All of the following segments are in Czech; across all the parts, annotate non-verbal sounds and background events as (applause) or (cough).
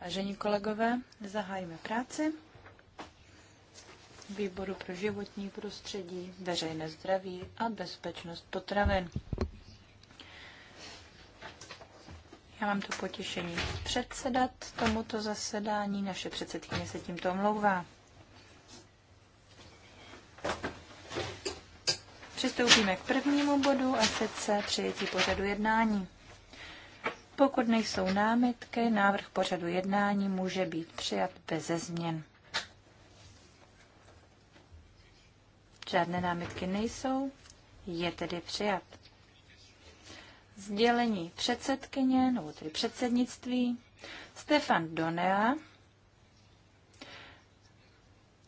Vážení kolegové, zahájíme práci. Výboru pro životní prostředí, veřejné zdraví a bezpečnost potravin. Já mám to potěšení předsedat tomuto zasedání. Naše předsedkyně se tímto omlouvá. Přistoupíme k prvnímu bodu a sice přijetí pořadu jednání. Pokud nejsou námitky, návrh pořadu jednání může být přijat bez změn. Žádné námitky nejsou, je tedy přijat. Sdělení předsedkyně, nebo tedy předsednictví, Stefan Donea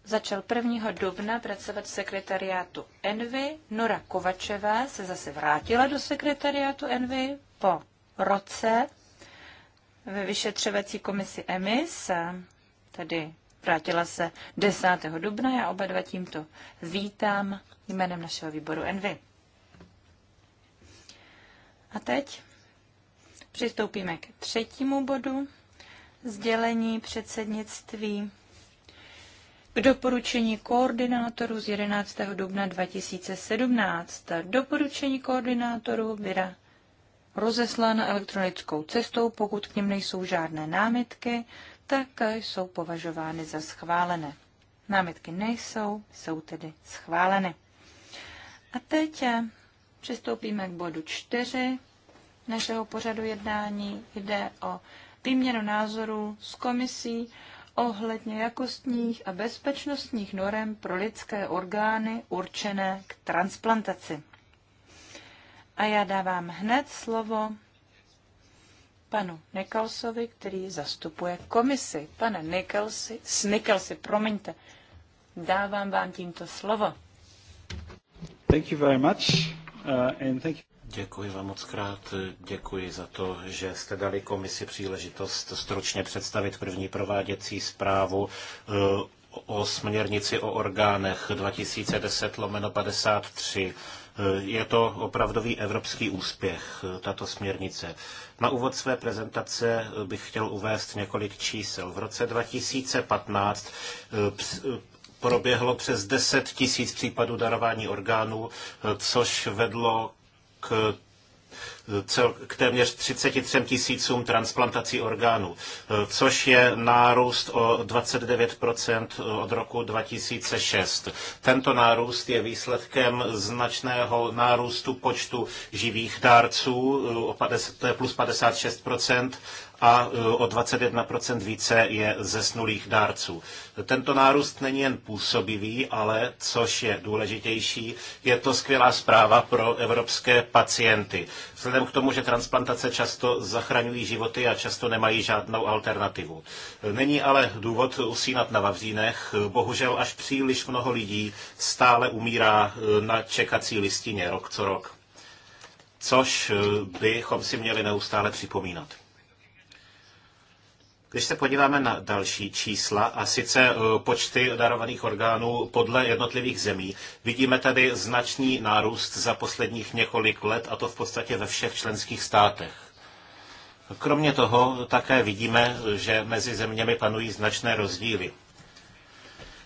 začal 1. dubna pracovat v sekretariátu Envy. Nora Kovačeva se zase vrátila do sekretariátu Envy po roce ve vyšetřovací komisi EMIS, tedy vrátila se 10. dubna. Já oba dva tímto vítám jménem našeho výboru Envy. A teď přistoupíme k třetímu bodu sdělení předsednictví k doporučení koordinátorů z 11. dubna 2017. Doporučení koordinátorů byla Rozeslán elektronickou cestou, pokud k nim nejsou žádné námitky, tak jsou považovány za schválené. Námitky nejsou, jsou tedy schváleny. A teď eh, přistoupíme k bodu 4 našeho pořadu jednání. Jde o výměnu názorů s komisí ohledně jakostních a bezpečnostních norem pro lidské orgány určené k transplantaci. A já dávám hned slovo panu Nikolsovi, který zastupuje komisi. Pane Nikolsi, s Nikolsi promiňte, dávám vám tímto slovo. Thank you very much, uh, and thank you. Děkuji vám moc krát. Děkuji za to, že jste dali komisi příležitost stručně představit první prováděcí zprávu uh, o směrnici o orgánech 2010 lomeno 53 Eh, je to opravdový evropský úspěch, eh, tato směrnice. Na úvod své prezentace eh, bych chtěl uvést několik čísel. V roce 2015 proběhlo přes 10 tisíc případů darování orgánů, což vedlo k cel, k téměř 33 tisícům transplantací orgánů, eh, což je nárůst o 29 eh, od roku 2006. Tento nárůst je výsledkem značného nárůstu počtu živých dárců, eh, to je plus 56 a e, o 21% více je zesnulých dárců. Tento nárůst není jen působivý, ale, což je důležitější, je to skvělá zpráva pro evropské pacienty. Vzhledem k tomu, že transplantace často zachraňují životy a často nemají žádnou alternativu. Není ale důvod usínat na vavřínech. Bohužel až příliš mnoho lidí stále umírá e, na čekací listině rok co rok což e, bychom si měli neustále připomínat. Když se podíváme na další čísla, a sice e, počty darovaných orgánů podle jednotlivých zemí, vidíme tady značný nárůst za posledních několik let, a to v podstatě ve všech členských státech. Kromě toho také vidíme, že mezi zeměmi panují značné rozdíly.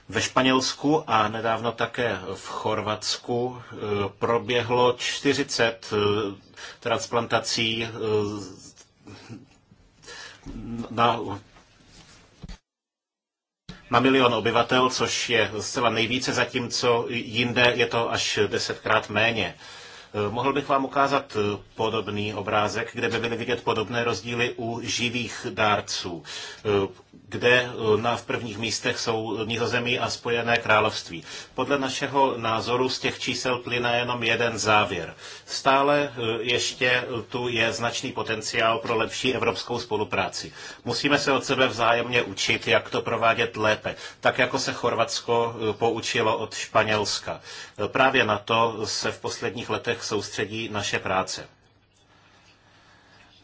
Ve Španělsku a nedávno také v Chorvatsku e, proběhlo 40 e, transplantací na, na milion obyvatel, což je zcela nejvíce, zatímco jinde je to až desetkrát méně. Eh, mohl bych vám ukázat eh, podobný obrázek, kde by byly vidět podobné rozdíly u živých dárců, eh, kde na, v prvních místech jsou Nizozemí a Spojené království. Podle našeho názoru z těch čísel plyne jenom jeden závěr. Stále ještě tu je značný potenciál pro lepší evropskou spolupráci. Musíme se od sebe vzájemně učit, jak to provádět lépe, tak jako se Chorvatsko poučilo od Španělska. Právě na to se v posledních letech soustředí naše práce.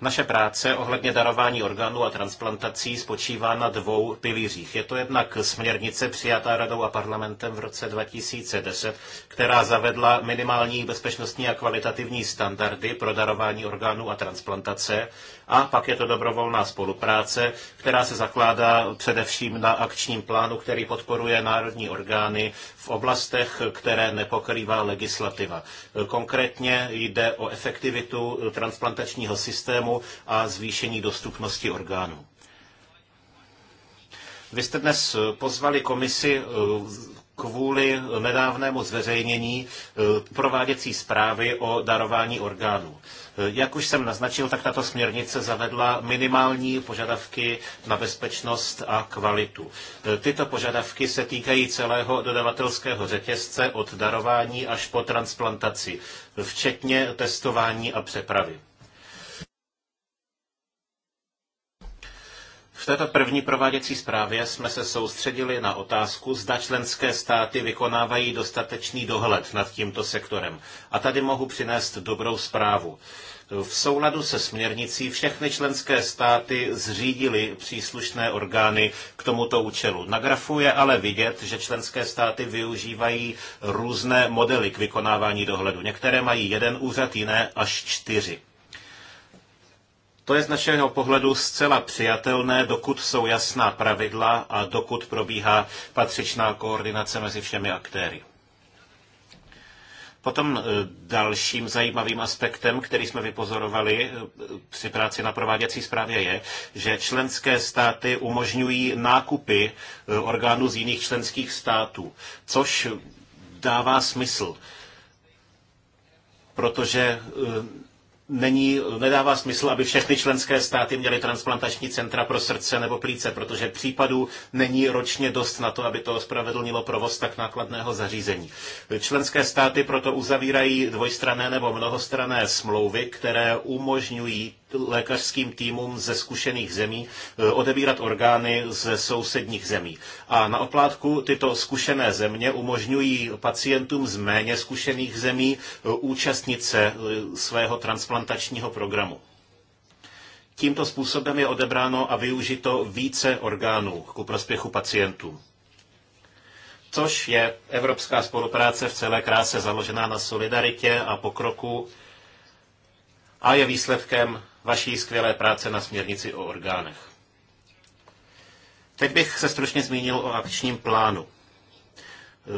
Naše práce ohledně darování orgánů a transplantací spočívá na dvou pilířích. Je to jednak směrnice přijatá radou a parlamentem v roce 2010, která zavedla minimální bezpečnostní a kvalitativní standardy pro darování orgánů a transplantace a pak je to dobrovolná spolupráce, která se zakládá především na akčním plánu, který podporuje národní orgány v oblastech, které nepokrývá legislativa. Konkrétně jde o efektivitu transplantačního systému a zvýšení dostupnosti orgánů. Vy jste dnes pozvali komisi kvůli nedávnému zveřejnění prováděcí zprávy o darování orgánů. Jak už jsem naznačil, tak tato směrnice zavedla minimální požadavky na bezpečnost a kvalitu. Tyto požadavky se týkají celého dodavatelského řetězce od darování až po transplantaci, včetně testování a přepravy. V této první prováděcí zprávě jsme se soustředili na otázku, zda členské státy vykonávají dostatečný dohled nad tímto sektorem. A tady mohu přinést dobrou zprávu. V souladu se směrnicí všechny členské státy zřídily příslušné orgány k tomuto účelu. Na grafu je ale vidět, že členské státy využívají různé modely k vykonávání dohledu. Některé mají jeden úřad, jiné až čtyři. To je z našeho pohledu zcela přijatelné, dokud jsou jasná pravidla a dokud probíhá patřičná koordinace mezi všemi aktéry. Potom e, dalším zajímavým aspektem, který jsme vypozorovali e, při práci na prováděcí zprávě, je, že členské státy umožňují nákupy e, orgánů z jiných členských států, což dává smysl, protože není, nedává smysl, aby všechny členské státy měly transplantační centra pro srdce nebo plíce, protože případů není ročně dost na to, aby to ospravedlnilo provoz tak nákladného zařízení. Členské státy proto uzavírají dvojstrané nebo mnohostrané smlouvy, které umožňují lékařským týmům ze zkušených zemí eh, odebírat orgány ze sousedních zemí. A na oplátku tyto zkušené země umožňují pacientům z méně zkušených zemí eh, účastnit se eh, svého transplantačního programu. Tímto způsobem je odebráno a využito více orgánů ku prospěchu pacientů což je evropská spolupráce v celé kráse založená na solidaritě a pokroku a je výsledkem vaší skvělé práce na směrnici o orgánech. Teď bych se stručně zmínil o akčním plánu.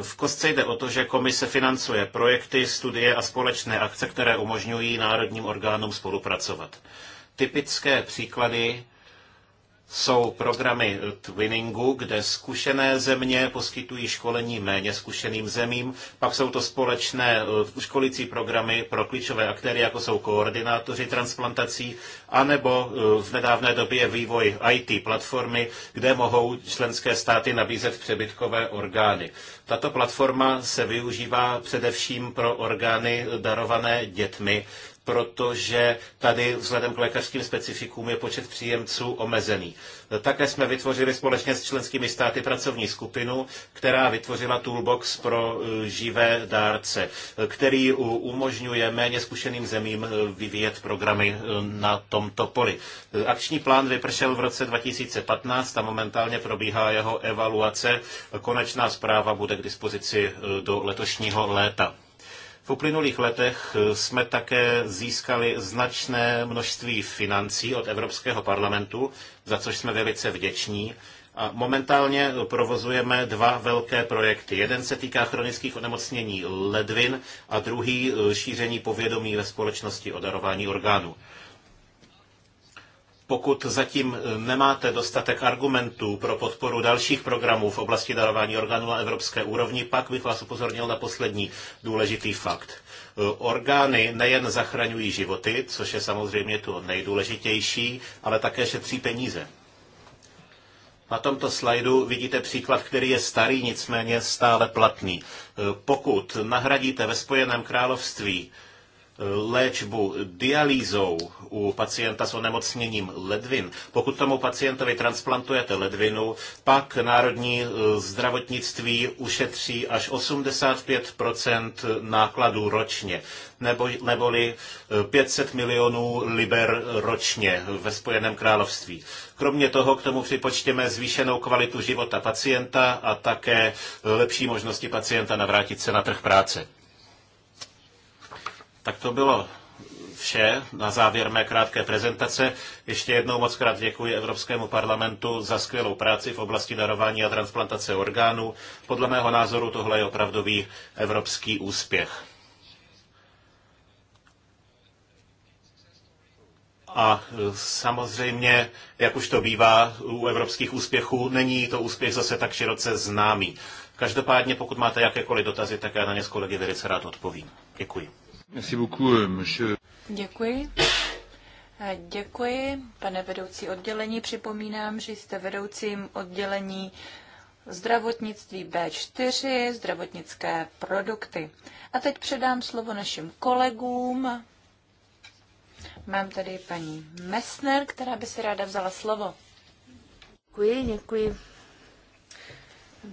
V kostce jde o to, že komise financuje projekty, studie a společné akce, které umožňují národním orgánům spolupracovat. Typické příklady jsou programy twinningu, kde zkušené země poskytují školení méně zkušeným zemím. Pak jsou to společné eh, školící programy pro klíčové aktéry, jako jsou koordinátoři transplantací, anebo eh, v nedávné době vývoj IT platformy, kde mohou členské státy nabízet přebytkové orgány. Tato platforma se využívá především pro orgány darované dětmi, protože tady vzhledem k lékařským specifikům je počet příjemců omezený. Také jsme vytvořili společně s členskými státy pracovní skupinu, která vytvořila toolbox pro e, živé dárce, který umožňuje méně zkušeným zemím e, vyvíjet programy e, na tomto poli. Akční plán vypršel v roce 2015 a momentálně probíhá jeho evaluace. Konečná zpráva bude k dispozici do letošního léta. V uplynulých letech eh, jsme také získali značné množství financí od Evropského parlamentu, za což jsme velice vděční. A momentálně provozujeme dva velké projekty. Jeden se týká chronických onemocnění ledvin a druhý eh, šíření povědomí ve společnosti o darování orgánů pokud zatím eh, nemáte dostatek argumentů pro podporu dalších programů v oblasti darování orgánů na evropské úrovni, pak bych vás upozornil na poslední důležitý fakt. Eh, orgány nejen zachraňují životy, což je samozřejmě to nejdůležitější, ale také šetří peníze. Na tomto slajdu vidíte příklad, který je starý, nicméně stále platný. Eh, pokud nahradíte ve Spojeném království léčbu dialýzou u pacienta s onemocněním ledvin, pokud tomu pacientovi transplantujete ledvinu, pak národní eh, zdravotnictví ušetří až 85 nákladů ročně, nebo, neboli 500 eh, milionů liber ročně ve Spojeném království. Kromě toho k tomu připočtěme zvýšenou kvalitu života pacienta a také eh, lepší možnosti pacienta navrátit se na trh práce. Tak to bylo vše na závěr mé krátké prezentace. Ještě jednou moc krát děkuji Evropskému parlamentu za skvělou práci v oblasti darování a transplantace orgánů. Podle mého názoru tohle je opravdový evropský úspěch. A e, samozřejmě, jak už to bývá u evropských úspěchů, není to úspěch zase tak široce známý. Každopádně, pokud máte jakékoliv dotazy, tak já na ně s kolegy velice rád odpovím. Děkuji. Euh, děkuji. Eh, děkuji, pane vedoucí oddělení. Připomínám, že jste vedoucím oddělení zdravotnictví B4, zdravotnické produkty. A teď předám slovo našim kolegům. Mám tady paní Messner, která by si ráda vzala slovo. Děkuji, děkuji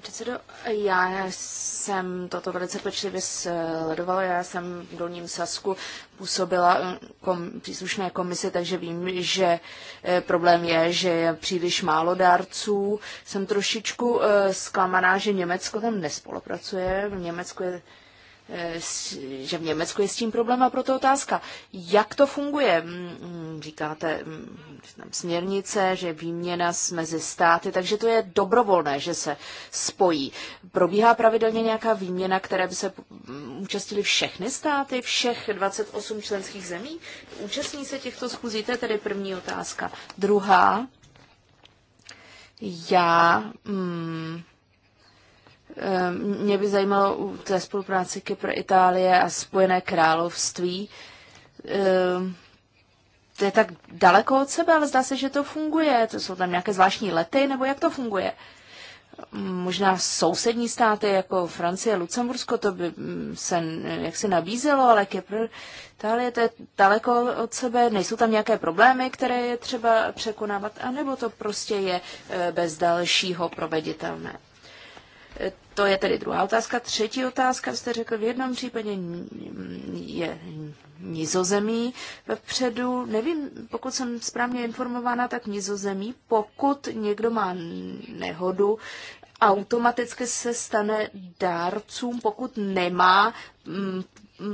předsedo, já jsem toto velice pečlivě sledovala. Já jsem v Dolním Sasku působila eh, kom, příslušné komise, takže vím, že eh, problém je, že je příliš málo dárců. Jsem trošičku eh, zklamaná, že Německo tam nespolupracuje. Německo je Eh, že v Německu je s tím problém a proto otázka, jak to funguje? Mm, mm, říkáte mm, tam směrnice, že výměna mezi státy, takže to je dobrovolné, že se spojí. Probíhá pravidelně nějaká výměna, které by se účastnili všechny státy, všech 28 členských zemí? Účastní se těchto schůzí? To je tedy první otázka. Druhá, já... Hmm, Eh, mě by zajímalo u té spolupráci Kypr, Itálie a Spojené království. Eh, to je tak daleko od sebe, ale zdá se, že to funguje. To jsou tam nějaké zvláštní lety, nebo jak to funguje? Možná sousední státy jako Francie, Lucembursko, to by mm, se jaksi nabízelo, ale Kypr, Itálie, to je daleko od sebe. Nejsou tam nějaké problémy, které je třeba překonávat, anebo to prostě je eh, bez dalšího proveditelné? To je tedy druhá otázka. Třetí otázka, jste řekl, v jednom případě je nizozemí vpředu. Nevím, pokud jsem správně informována, tak nizozemí, pokud někdo má nehodu, automaticky se stane dárcům, pokud nemá mm,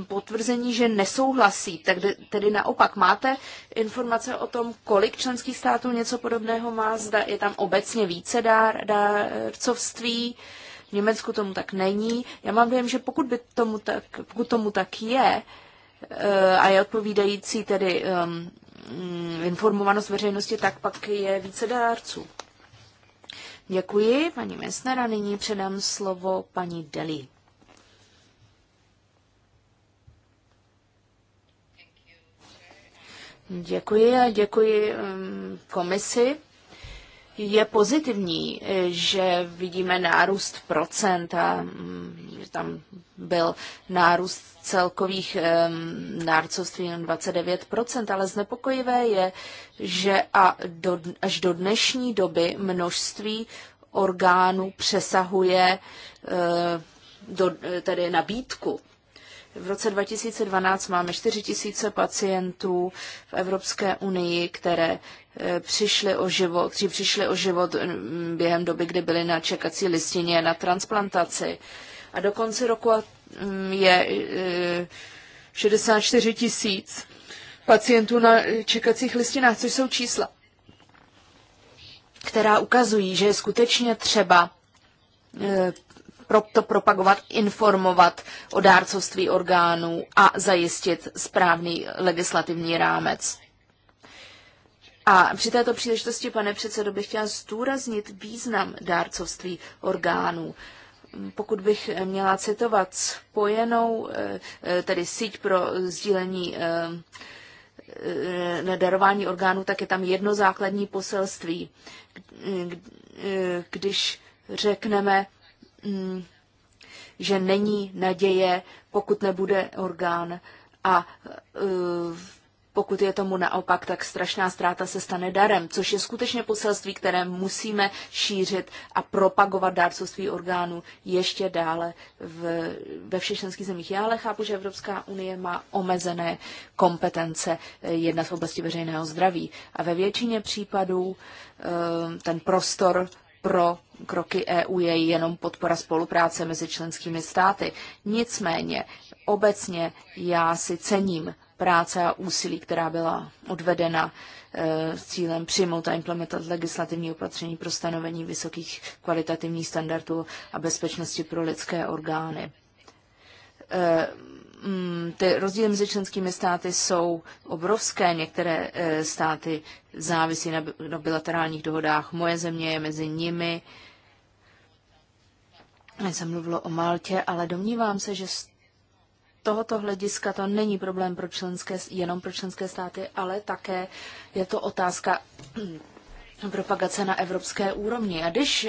potvrzení, že nesouhlasí. Tak tedy naopak, máte informace o tom, kolik členských států něco podobného má, zda je tam obecně více dár, dárcovství? Dár, v Německu tomu tak není. Já mám dojem, že pokud, by tomu tak, pokud tomu tak je eh, a je odpovídající tedy um, informovanost veřejnosti, tak pak je více dárců. Děkuji, paní Messner, a nyní předám slovo paní Deli. Děkuji a děkuji um, komisi je pozitivní, eh, že vidíme nárůst procent a mm, že tam byl nárůst celkových um, nárcovství jen 29%, ale znepokojivé je, že a do, až do dnešní doby množství orgánů přesahuje eh, do, eh, tedy nabídku. V roce 2012 máme 4 000 pacientů v Evropské unii, které Eh, přišli o život, kteří přišli o život mm, během doby, kdy byli na čekací listině na transplantaci. A do konce roku mm, je 64 eh, tisíc pacientů na čekacích listinách, což jsou čísla, která ukazují, že je skutečně třeba eh, to propagovat, informovat o dárcovství orgánů a zajistit správný legislativní rámec. A při této příležitosti, pane předsedo, bych chtěla zdůraznit význam dárcovství orgánů. Pokud bych měla citovat spojenou, eh, eh, tedy síť pro sdílení na eh, darování orgánů, tak je tam jedno základní poselství. Když řekneme, mm, že není naděje, pokud nebude orgán a pokud je tomu naopak, tak strašná ztráta se stane darem, což je skutečně poselství, které musíme šířit a propagovat dárcovství orgánů ještě dále v, ve všech členských zemích. Já ale chápu, že Evropská unie má omezené kompetence eh, jedna z oblasti veřejného zdraví a ve většině případů eh, ten prostor pro kroky EU je jenom podpora spolupráce mezi členskými státy. Nicméně obecně já si cením práce a úsilí, která byla odvedena eh, s cílem přijmout a implementovat legislativní opatření pro stanovení vysokých kvalitativních standardů a bezpečnosti pro lidské orgány. Eh, mm, ty rozdíly mezi členskými státy jsou obrovské. Některé eh, státy závisí na bilaterálních dohodách. Moje země je mezi nimi. Já jsem mluvilo o Maltě, ale domnívám se, že tohoto hlediska to není problém pro členské, jenom pro členské státy, ale také je to otázka (clears throat) propagace na evropské úrovni. A když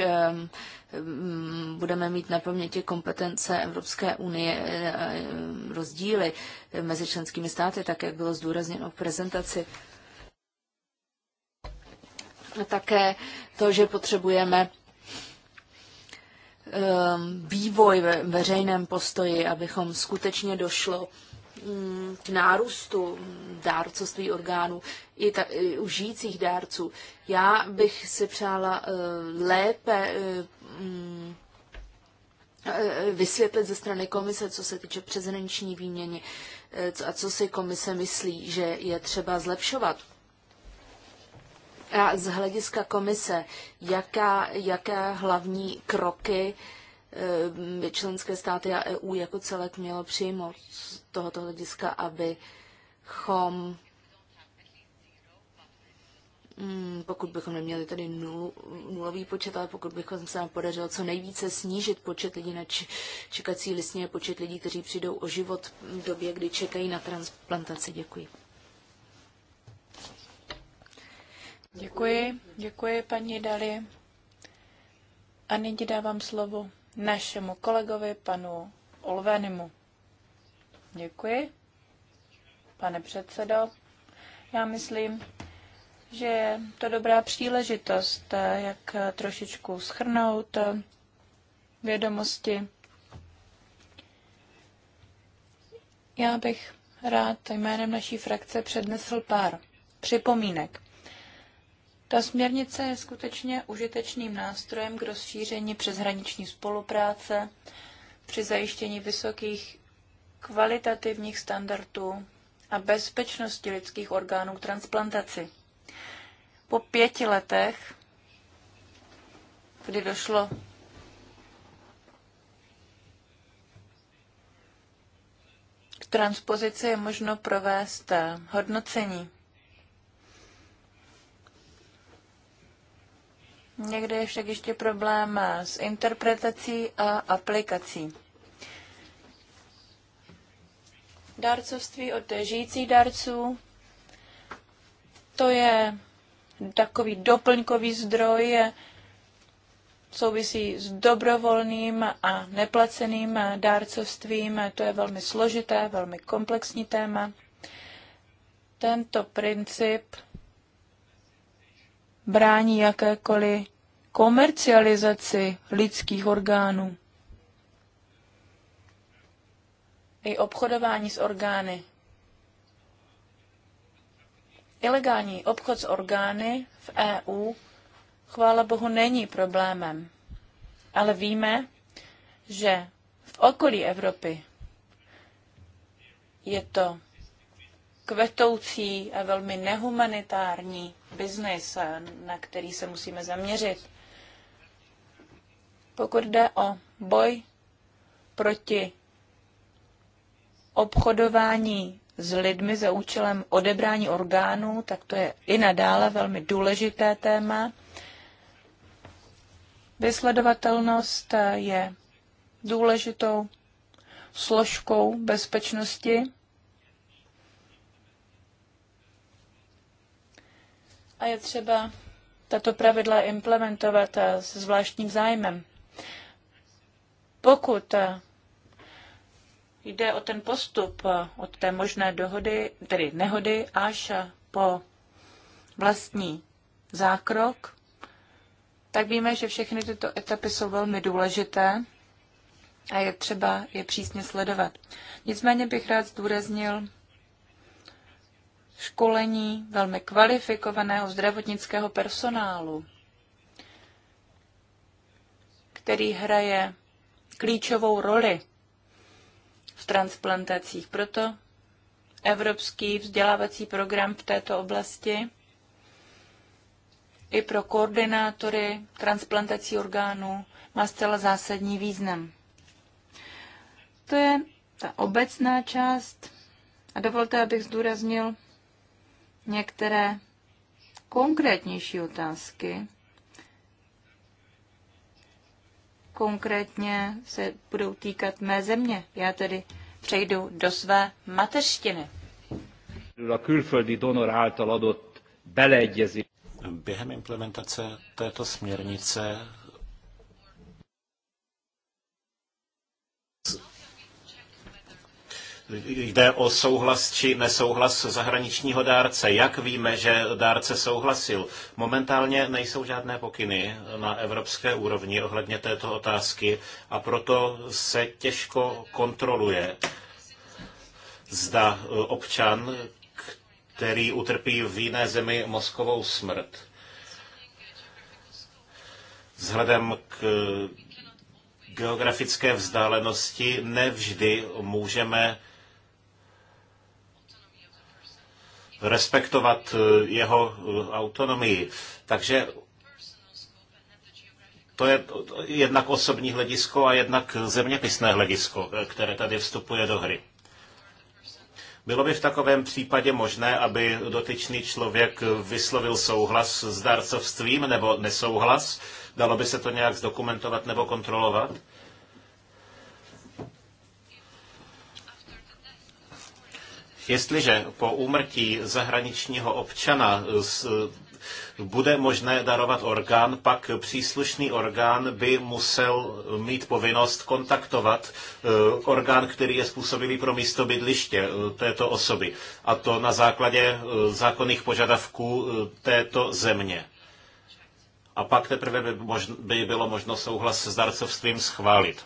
budeme mít na paměti kompetence Evropské unie, e, e, rozdíly mezi členskými státy, tak jak bylo zdůrazněno v prezentaci, také to, že potřebujeme Um, vývoj ve veřejném postoji, abychom skutečně došlo mm, k nárůstu dárcovství orgánů i, ta, i u žijících dárců. Já bych si přála uh, lépe uh, mm, uh vysvětlit ze strany komise, co se týče přezenční výměny uh, a co si komise myslí, že je třeba zlepšovat a z hlediska komise, jaká, jaké hlavní kroky eh, by členské státy a EU jako celek mělo přijmout z tohoto hlediska, abychom, mm, pokud bychom neměli tady nul, nulový počet, ale pokud bychom se nám podařilo co nejvíce snížit počet lidí na čekací listině, počet lidí, kteří přijdou o život v době, kdy čekají na transplantaci. Děkuji. Děkuji, děkuji paní Dali. A nyní dávám slovo našemu kolegovi, panu Olvenimu. Děkuji, pane předsedo. Já myslím, že je to dobrá příležitost, jak trošičku schrnout vědomosti. Já bych rád jménem naší frakce přednesl pár připomínek. Ta směrnice je skutečně užitečným nástrojem k rozšíření přeshraniční spolupráce při zajištění vysokých kvalitativních standardů a bezpečnosti lidských orgánů k transplantaci. Po pěti letech, kdy došlo k transpozici, je možno provést hodnocení. Někde je však ještě problém s interpretací a aplikací. Dárcovství od žijících dárců, to je takový doplňkový zdroj, souvisí s dobrovolným a neplaceným dárcovstvím. To je velmi složité, velmi komplexní téma. Tento princip brání jakékoliv komercializaci lidských orgánů. I obchodování s orgány. Ilegální obchod s orgány v EU, chvála Bohu, není problémem. Ale víme, že v okolí Evropy je to kvetoucí a velmi nehumanitární biznis, na který se musíme zaměřit. Pokud jde o boj proti obchodování s lidmi za účelem odebrání orgánů, tak to je i nadále velmi důležité téma. Vysledovatelnost je důležitou složkou bezpečnosti a je třeba tato pravidla implementovat eh, s zvláštním zájmem. Pokud eh, jde o ten postup eh, od té možné dohody, tedy nehody, až po vlastní zákrok, tak víme, že všechny tyto etapy jsou velmi důležité a je třeba je přísně sledovat. Nicméně bych rád zdůraznil školení velmi kvalifikovaného zdravotnického personálu, který hraje klíčovou roli v transplantacích. Proto evropský vzdělávací program v této oblasti i pro koordinátory transplantací orgánů má zcela zásadní význam. To je ta obecná část a dovolte, abych zdůraznil některé konkrétnější otázky. Konkrétně se budou týkat mé země. Já tedy přejdu do své mateřštiny. Během implementace této směrnice jde o souhlas či nesouhlas zahraničního dárce. Jak víme, že dárce souhlasil? Momentálně nejsou žádné pokyny na evropské úrovni ohledně této otázky a proto se těžko kontroluje, zda e, občan, který utrpí v jiné zemi mozkovou smrt, vzhledem k e, geografické vzdálenosti nevždy můžeme respektovat eh, jeho eh, autonomii. Takže to je jednak osobní hledisko a jednak zeměpisné hledisko, eh, které tady vstupuje do hry. Bylo by v takovém případě možné, aby dotyčný člověk vyslovil souhlas s dárcovstvím nebo nesouhlas? Dalo by se to nějak zdokumentovat nebo kontrolovat? Jestliže po úmrtí zahraničního občana bude možné darovat orgán, pak příslušný orgán by musel mít povinnost kontaktovat eh, orgán, který je způsobilý pro místo bydliště eh, této osoby. A to na základě eh, zákonných požadavků této země. A pak teprve by, by bylo možno souhlas s darcovstvím schválit.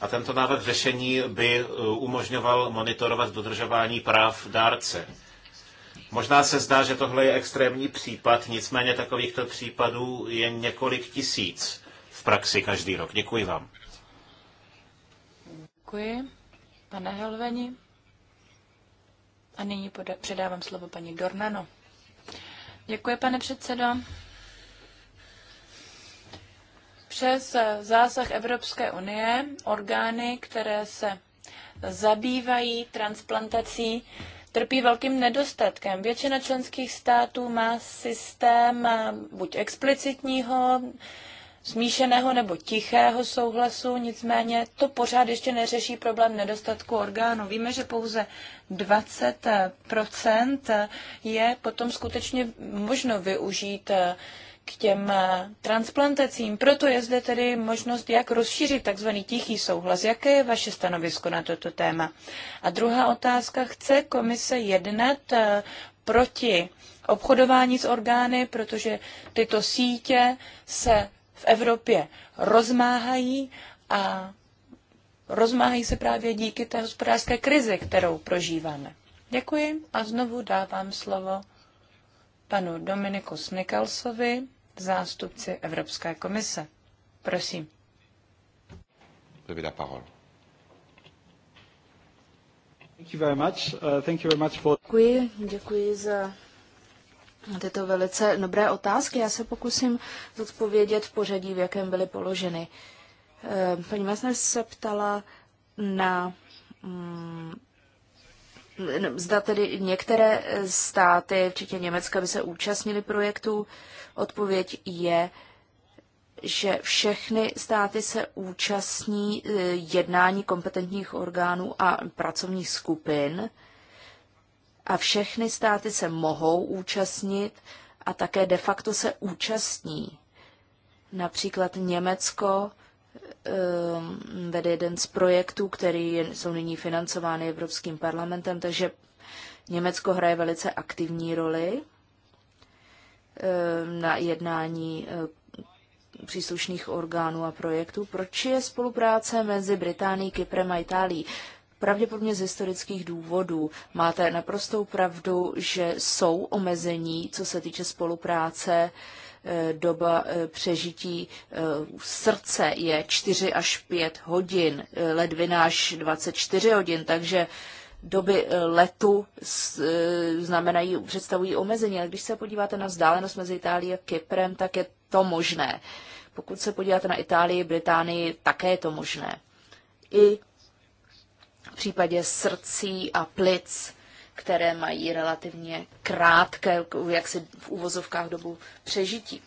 A tento návrh řešení by e, umožňoval monitorovat dodržování práv dárce. Možná se zdá, že tohle je extrémní případ, nicméně takovýchto případů je několik tisíc v praxi každý rok. Děkuji vám. Děkuji, pane Helveni. A nyní předávám slovo paní Dornano. Děkuji, pane předsedo přes eh, zásah Evropské unie orgány, které se zabývají transplantací, trpí velkým nedostatkem. Většina členských států má systém eh, buď explicitního, smíšeného nebo tichého souhlasu, nicméně to pořád ještě neřeší problém nedostatku orgánů. Víme, že pouze 20 eh, je potom skutečně možno využít k těm eh, transplantacím. Proto je zde tedy možnost, jak rozšířit tzv. tichý souhlas. Jaké je vaše stanovisko na toto téma? A druhá otázka, chce komise jednat eh, proti obchodování s orgány, protože tyto sítě se v Evropě rozmáhají a rozmáhají se právě díky té hospodářské krizi, kterou prožíváme. Děkuji a znovu dávám slovo panu Dominiku Snikalsovi zástupci Evropské komise. Prosím. Uh, děkuji, děkuji za tyto velice dobré otázky. Já se pokusím zodpovědět v pořadí, v jakém byly položeny. Eh, paní Masner se ptala na mm, Zda tedy některé státy, včetně Německa, by se účastnili projektu. Odpověď je, že všechny státy se účastní e, jednání kompetentních orgánů a pracovních skupin a všechny státy se mohou účastnit a také de facto se účastní. Například Německo ehm, vede jeden z projektů, který jsou nyní financovány Evropským parlamentem, takže Německo hraje velice aktivní roli Eh, na jednání eh, příslušných orgánů a projektů. Proč je spolupráce mezi Británií, Kyprem a Itálií? Pravděpodobně z historických důvodů. Máte naprostou pravdu, že jsou omezení, co se týče spolupráce. Eh, doba přežití srdce je 4 až 5 hodin, ledvina až 24 hodin, takže doby eh, letu eh, znamenají, představují omezení. Ale když se podíváte na vzdálenost mezi Itálií a Kyprem, tak je to možné. Pokud se podíváte na Itálii, Británii, také je to možné. I v případě srdcí a plic, které mají relativně krátké, jak si v úvozovkách dobu přežití.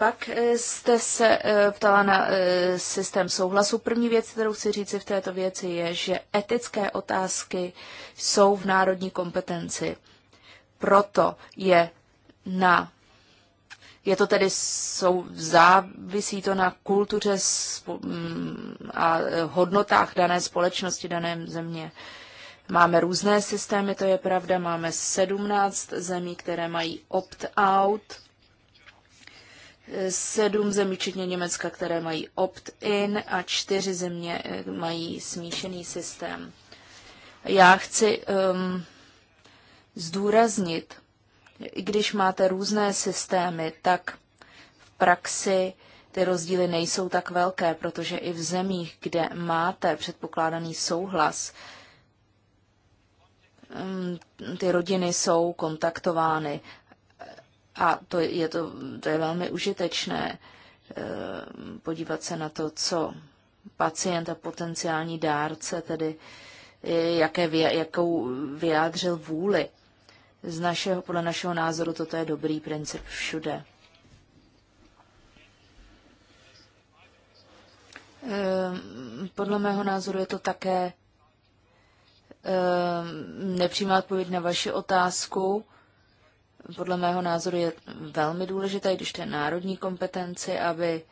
Pak eh, jste se eh, ptala na eh, systém souhlasu. První věc, kterou chci říci v této věci, je, že etické otázky jsou v národní kompetenci. Proto je na je to tedy jsou, závisí to na kultuře mm, a hodnotách dané společnosti, dané země. Máme různé systémy, to je pravda. Máme 17 zemí, které mají opt-out sedm zemí, včetně Německa, které mají opt-in a čtyři země eh, mají smíšený systém. Já chci um, zdůraznit, i když máte různé systémy, tak v praxi ty rozdíly nejsou tak velké, protože i v zemích, kde máte předpokládaný souhlas, um, ty rodiny jsou kontaktovány a to je, to, to je velmi užitečné eh, podívat se na to, co pacient a potenciální dárce tedy eh, jaké, jakou vyjádřil vůli. Z našeho, podle našeho názoru toto je dobrý princip všude. Eh, podle mého názoru je to také nepřímá odpověď na vaši otázku podle mého názoru je velmi důležité, když to je národní kompetenci, aby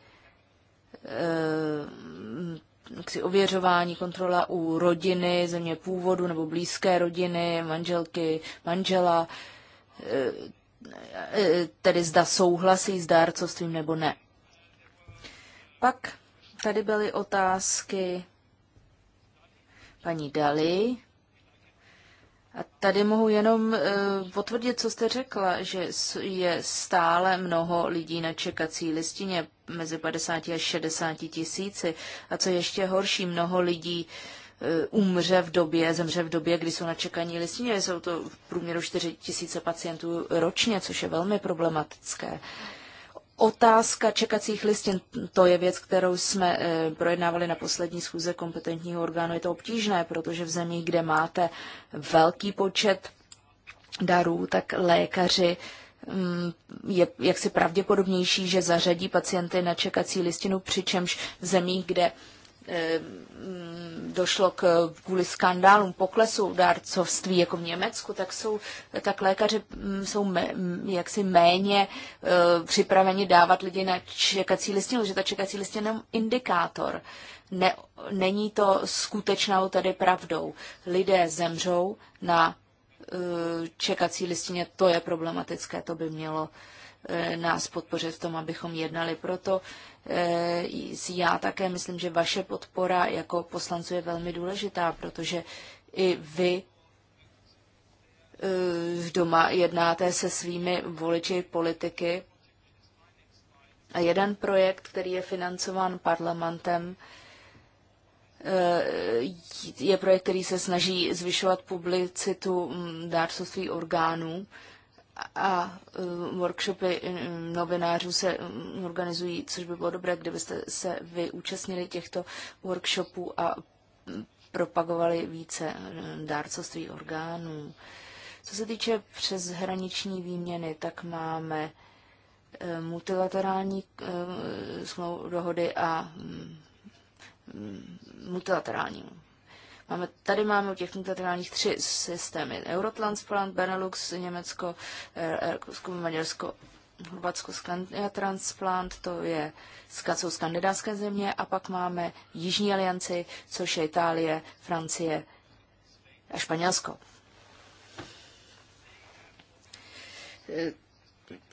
si eh, ověřování, kontrola u rodiny, země původu nebo blízké rodiny, manželky, manžela, eh, eh, tedy zda souhlasí s dárcovstvím nebo ne. Pak tady byly otázky paní Dali a tady mohu jenom uh, potvrdit, co jste řekla, že je stále mnoho lidí na čekací listině mezi 50 a 60 tisíci. A co ještě horší, mnoho lidí uh, umře v době, zemře v době, kdy jsou na čekaní listině. Jsou to v průměru 4 tisíce pacientů ročně, což je velmi problematické. Uh, Otázka čekacích listin, to je věc, kterou jsme eh, projednávali na poslední schůze kompetentního orgánu. Je to obtížné, protože v zemích, kde máte velký počet darů, tak lékaři mm, je jaksi pravděpodobnější, že zařadí pacienty na čekací listinu, přičemž v zemích, kde Eh, došlo k, kvůli skandálům, poklesu dárcovství jako v Německu, tak, jsou, tak lékaři mm, jsou mé, mm, jaksi méně eh, připraveni dávat lidi na čekací listinu, že ta čekací listina je indikátor. Ne, není to skutečnou tedy pravdou. Lidé zemřou na eh, čekací listině, to je problematické, to by mělo Eh, nás podpořit v tom, abychom jednali. Proto si eh, já také myslím, že vaše podpora jako poslanců je velmi důležitá, protože i vy eh, doma jednáte se svými voliči politiky. A jeden projekt, který je financován parlamentem, je projekt, který se snaží zvyšovat publicitu mm, dárcovství orgánů a e, workshopy e, novinářů se e, organizují, což by bylo dobré, kdybyste se vy účastnili těchto workshopů a propagovali více dárcovství orgánů. Co se týče přeshraniční výměny, tak máme multilaterální dohody a multilaterální Máme, tady máme u těch multilaterálních tři systémy. Eurotransplant, Benelux, Německo, eh, eh, Rakousko, Maďarsko, Chorvatsko, Transplant, to je, jsou skandinávské země, a pak máme Jižní alianci, což je Itálie, Francie a Španělsko.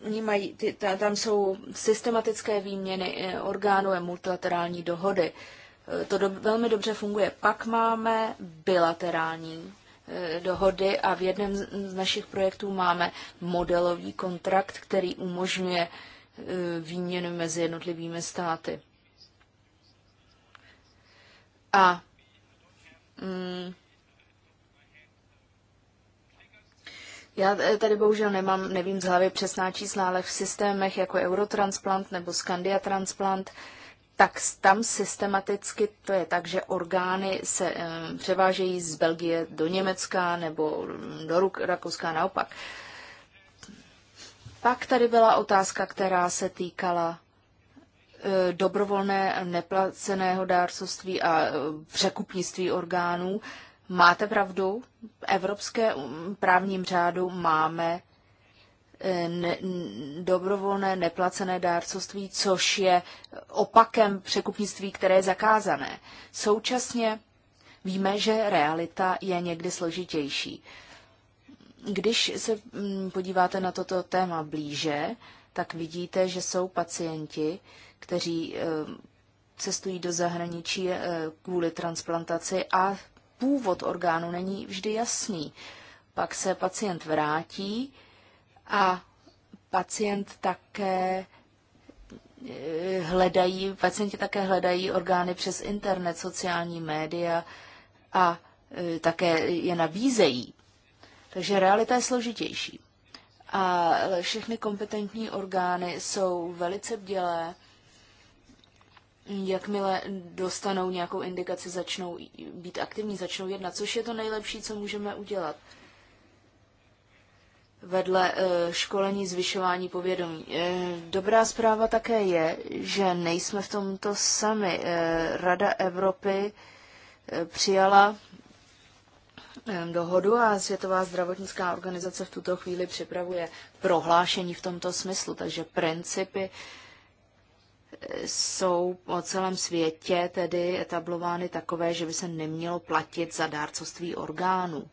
Eh, mají, ty, ta, tam jsou systematické výměny orgánů a multilaterální dohody. E, to do, velmi dobře funguje. Pak máme bilaterální eh, dohody a v jednom z našich projektů máme modelový kontrakt, který umožňuje eh, výměnu mezi jednotlivými státy. A mm, já tady bohužel nemám, nevím z hlavy přesná čísla, ale v systémech jako Eurotransplant nebo Scandia Transplant, uh, tak tam systematicky to je tak, že orgány se eh, převážejí z Belgie do Německa nebo mm, do Rakouska naopak. Pak tady byla otázka, která se týkala eh, dobrovolné neplaceného dárcovství a eh, překupnictví orgánů. Máte pravdu, v evropské mm, právním řádu máme Eh, ne, dobrovolné neplacené dárcovství, což je opakem překupnictví, které je zakázané. Současně víme, že realita je někdy složitější. Když se mm, podíváte na toto téma blíže, tak vidíte, že jsou pacienti, kteří eh, cestují do zahraničí eh, kvůli transplantaci a původ orgánu není vždy jasný. Pak se pacient vrátí, a pacient také eh, hledají, pacienti také hledají orgány přes internet, sociální média a eh, také je nabízejí. Takže realita je složitější. A všechny kompetentní orgány jsou velice bdělé, jakmile dostanou nějakou indikaci, začnou být aktivní, začnou jednat, což je to nejlepší, co můžeme udělat vedle eh, školení zvyšování povědomí. Eh, dobrá zpráva také je, že nejsme v tomto sami. Eh, Rada Evropy přijala dohodu a Světová zdravotnická organizace v tuto chvíli připravuje prohlášení v tomto smyslu, takže principy jsou po celém světě tedy etablovány takové, že by se nemělo platit za dárcovství orgánů.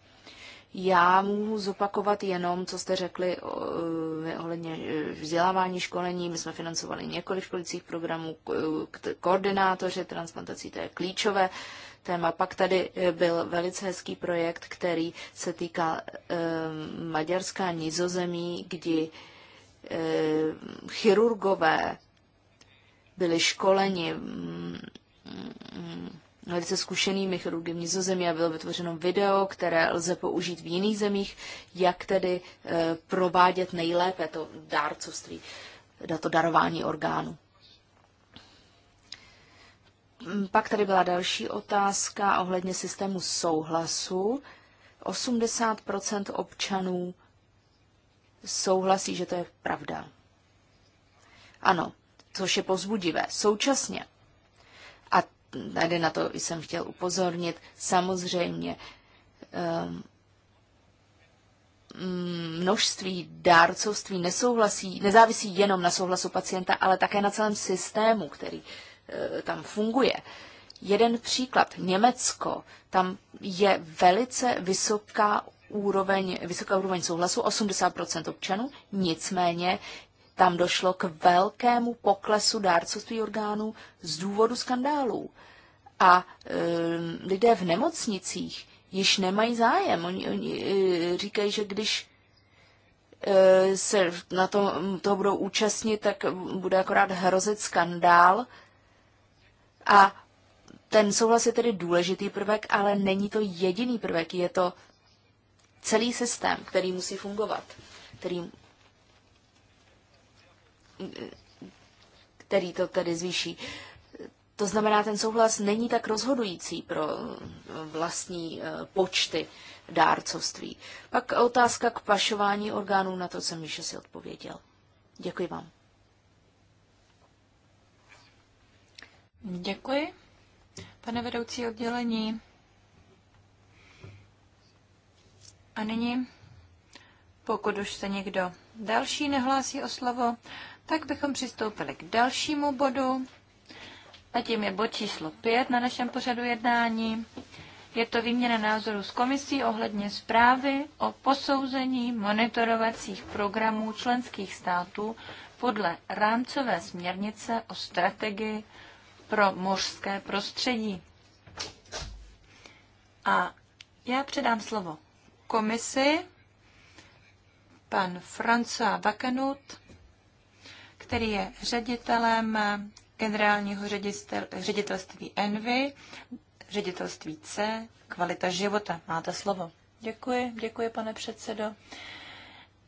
Já můžu zopakovat jenom, co jste řekli eh, ohledně eh, vzdělávání školení. My jsme financovali několik školicích programů, eh, koordinátoři transplantací, to je klíčové téma. Pak tady byl velice hezký projekt, který se týká maďarská Nizozemí, kdy chirurgové byli školeni mm, mm, velice zkušenými chirurgy v Nizozemí a bylo vytvořeno video, které lze použít v jiných zemích, jak tedy eh, provádět nejlépe to dárcovství, to darování orgánů. Mm, pak tady byla další otázka ohledně systému souhlasu. 80 občanů souhlasí, že to je pravda. Ano, což je pozbudivé. Současně tady na to jsem chtěl upozornit. Samozřejmě ehm, množství dárcovství nesouhlasí, nezávisí jenom na souhlasu pacienta, ale také na celém systému, který eh, tam funguje. Jeden příklad, Německo, tam je velice vysoká úroveň, vysoká úroveň souhlasu, 80% občanů, nicméně tam došlo k velkému poklesu dárcovství orgánů z důvodu skandálů. A e, lidé v nemocnicích již nemají zájem. Oni, oni e, říkají, že když e, se na to, to budou účastnit, tak bude akorát hrozit skandál. A ten souhlas je tedy důležitý prvek, ale není to jediný prvek. Je to celý systém, který musí fungovat, který který to tedy zvýší. To znamená, ten souhlas není tak rozhodující pro vlastní eh, počty dárcovství. Pak otázka k pašování orgánů, na to jsem již asi odpověděl. Děkuji vám. Děkuji. Pane vedoucí oddělení. A nyní, pokud už se někdo další nehlásí o slovo, tak bychom přistoupili k dalšímu bodu. A tím je bod číslo 5 na našem pořadu jednání. Je to výměna názoru s komisí ohledně zprávy o posouzení monitorovacích programů členských států podle rámcové směrnice o strategii pro mořské prostředí. A já předám slovo komisi. Pan François Bakenut který je ředitelem generálního ředitelství Envy, ředitelství C, kvalita života. Máte slovo. Děkuji, děkuji, pane předsedo.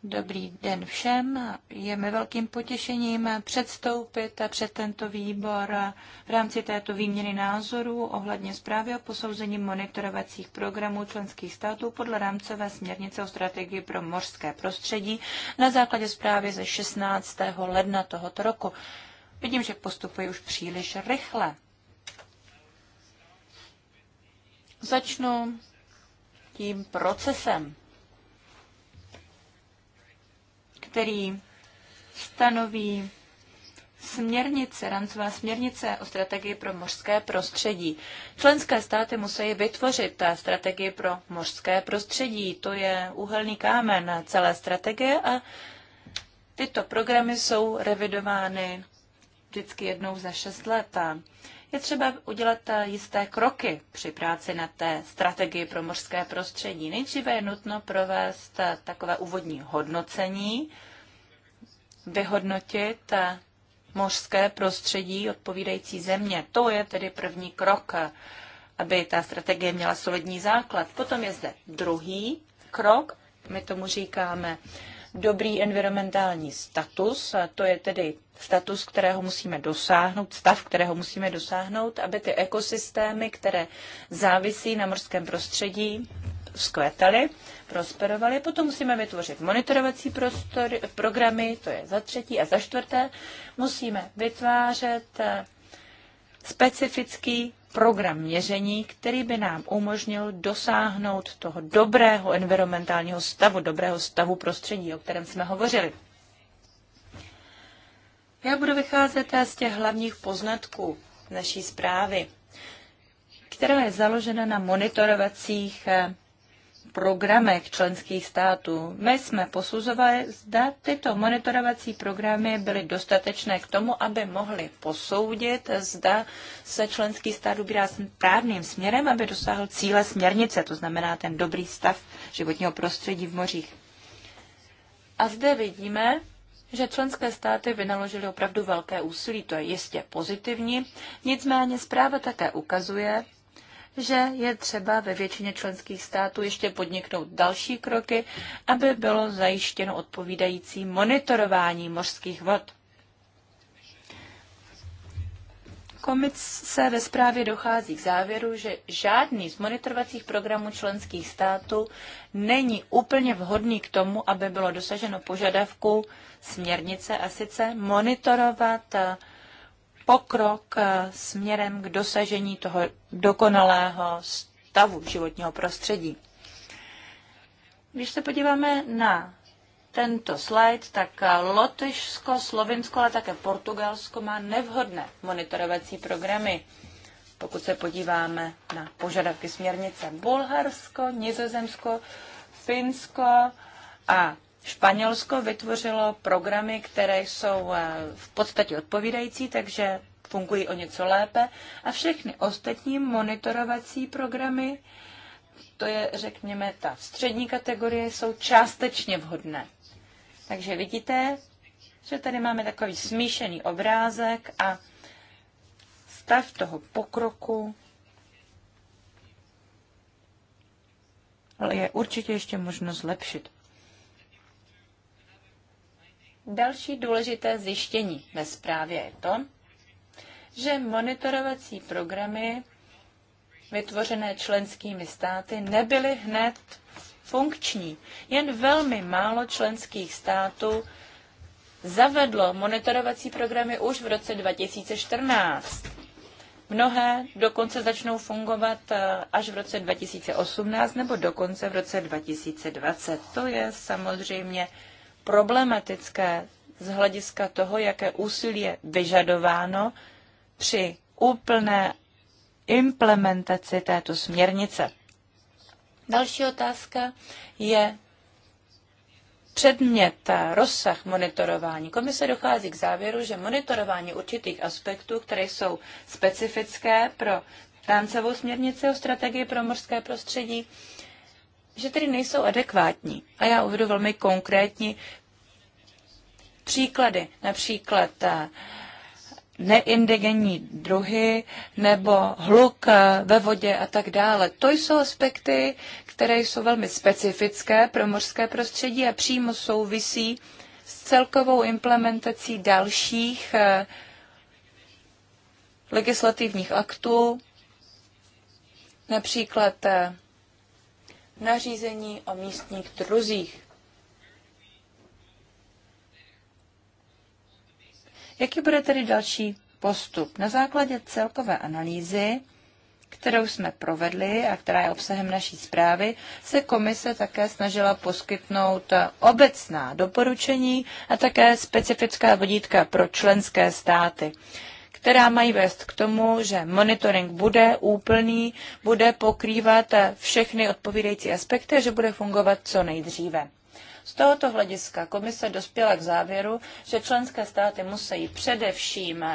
Dobrý den všem. Je mi velkým potěšením předstoupit před tento výbor v rámci této výměny názorů ohledně zprávy o posouzení monitorovacích programů členských států podle rámcové směrnice o strategii pro mořské prostředí na základě zprávy ze 16. ledna tohoto roku. Vidím, že postupuji už příliš rychle. Začnu tím procesem který stanoví směrnice, rancová směrnice o strategii pro mořské prostředí. Členské státy musí vytvořit ta strategii pro mořské prostředí. To je úhelný kámen celé strategie a tyto programy jsou revidovány vždycky jednou za šest let. A je třeba udělat eh, jisté kroky při práci na té strategii pro mořské prostředí. Nejdříve je nutno provést eh, takové úvodní hodnocení, vyhodnotit eh, mořské prostředí odpovídající země. To je tedy první krok, aby ta strategie měla solidní základ. Potom je zde druhý krok, my tomu říkáme dobrý environmentální status, to je tedy status, kterého musíme dosáhnout, stav, kterého musíme dosáhnout, aby ty ekosystémy, které závisí na morském prostředí, vzkvétaly, prosperovaly. Potom musíme vytvořit monitorovací prostor, programy, to je za třetí a za čtvrté. Musíme vytvářet eh, specifický program měření, který by nám umožnil dosáhnout toho dobrého environmentálního stavu, dobrého stavu prostředí, o kterém jsme hovořili. Já budu vycházet z těch hlavních poznatků naší zprávy, která je založena na monitorovacích eh, programech členských států. My jsme posuzovali, zda tyto monitorovací programy byly dostatečné k tomu, aby mohli posoudit, zda se členský stát ubírá správným směrem, aby dosáhl cíle směrnice, to znamená ten dobrý stav životního prostředí v mořích. A zde vidíme, že členské státy vynaložily opravdu velké úsilí, to je jistě pozitivní, nicméně zpráva také ukazuje, že je třeba ve většině členských států ještě podniknout další kroky, aby bylo zajištěno odpovídající monitorování mořských vod. Komise ve zprávě dochází k závěru, že žádný z monitorovacích programů členských států není úplně vhodný k tomu, aby bylo dosaženo požadavku směrnice a sice monitorovat eh, pokrok eh, směrem k dosažení toho dokonalého stavu životního prostředí. Když se podíváme na tento slide, tak Lotyšsko, Slovinsko, ale také Portugalsko má nevhodné monitorovací programy. Pokud se podíváme na požadavky směrnice Bulharsko, Nizozemsko, Finsko a Španělsko vytvořilo programy, které jsou eh, v podstatě odpovídající, takže fungují o něco lépe. A všechny ostatní monitorovací programy, to je, řekněme, ta střední kategorie, jsou částečně vhodné. Takže vidíte, že tady máme takový smíšený obrázek a stav toho pokroku ale je určitě ještě možno zlepšit. Další důležité zjištění ve zprávě je to, že monitorovací programy vytvořené členskými státy nebyly hned funkční. Jen velmi málo členských států zavedlo monitorovací programy už v roce 2014. Mnohé dokonce začnou fungovat eh, až v roce 2018 nebo dokonce v roce 2020. To je samozřejmě problematické z hlediska toho, jaké úsilí je vyžadováno při úplné implementaci této směrnice. Další otázka je předmět, eh, rozsah monitorování. Komise dochází k závěru, že monitorování určitých aspektů, které jsou specifické pro rámcovou směrnici o strategii pro mořské prostředí, že tedy nejsou adekvátní. A já uvedu velmi konkrétní příklady. Například eh, neindigenní druhy nebo hluk ve vodě a tak dále. To jsou aspekty, které jsou velmi specifické pro mořské prostředí a přímo souvisí s celkovou implementací dalších eh, legislativních aktů, například eh, nařízení o místních druzích. Jaký bude tedy další postup? Na základě celkové analýzy, kterou jsme provedli a která je obsahem naší zprávy, se komise také snažila poskytnout obecná doporučení a také specifická vodítka pro členské státy která mají vést k tomu, že monitoring bude úplný, bude pokrývat všechny odpovídající aspekty a že bude fungovat co nejdříve. Z tohoto hlediska komise dospěla k závěru, že členské státy musí především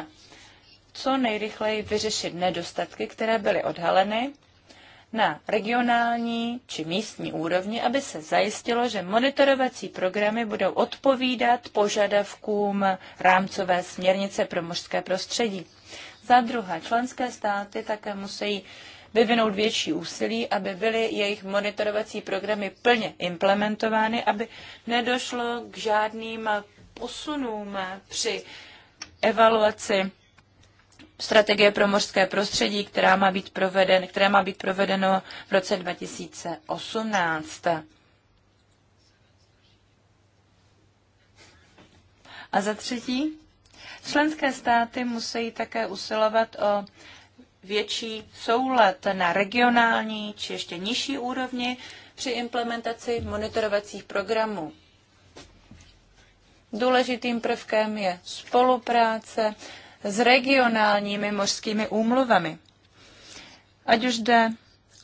co nejrychleji vyřešit nedostatky, které byly odhaleny na regionální či místní úrovni, aby se zajistilo, že monitorovací programy budou odpovídat požadavkům rámcové směrnice pro mořské prostředí. Za druhé, členské státy také musí vyvinout větší úsilí, aby byly jejich monitorovací programy plně implementovány, aby nedošlo k žádným posunům při evaluaci strategie pro mořské prostředí, která má být, proveden, která má být provedeno v roce 2018. A za třetí, členské státy musí také usilovat o větší soulad na regionální či ještě nižší úrovni při implementaci monitorovacích programů. Důležitým prvkem je spolupráce s regionálními mořskými úmluvami. Ať už jde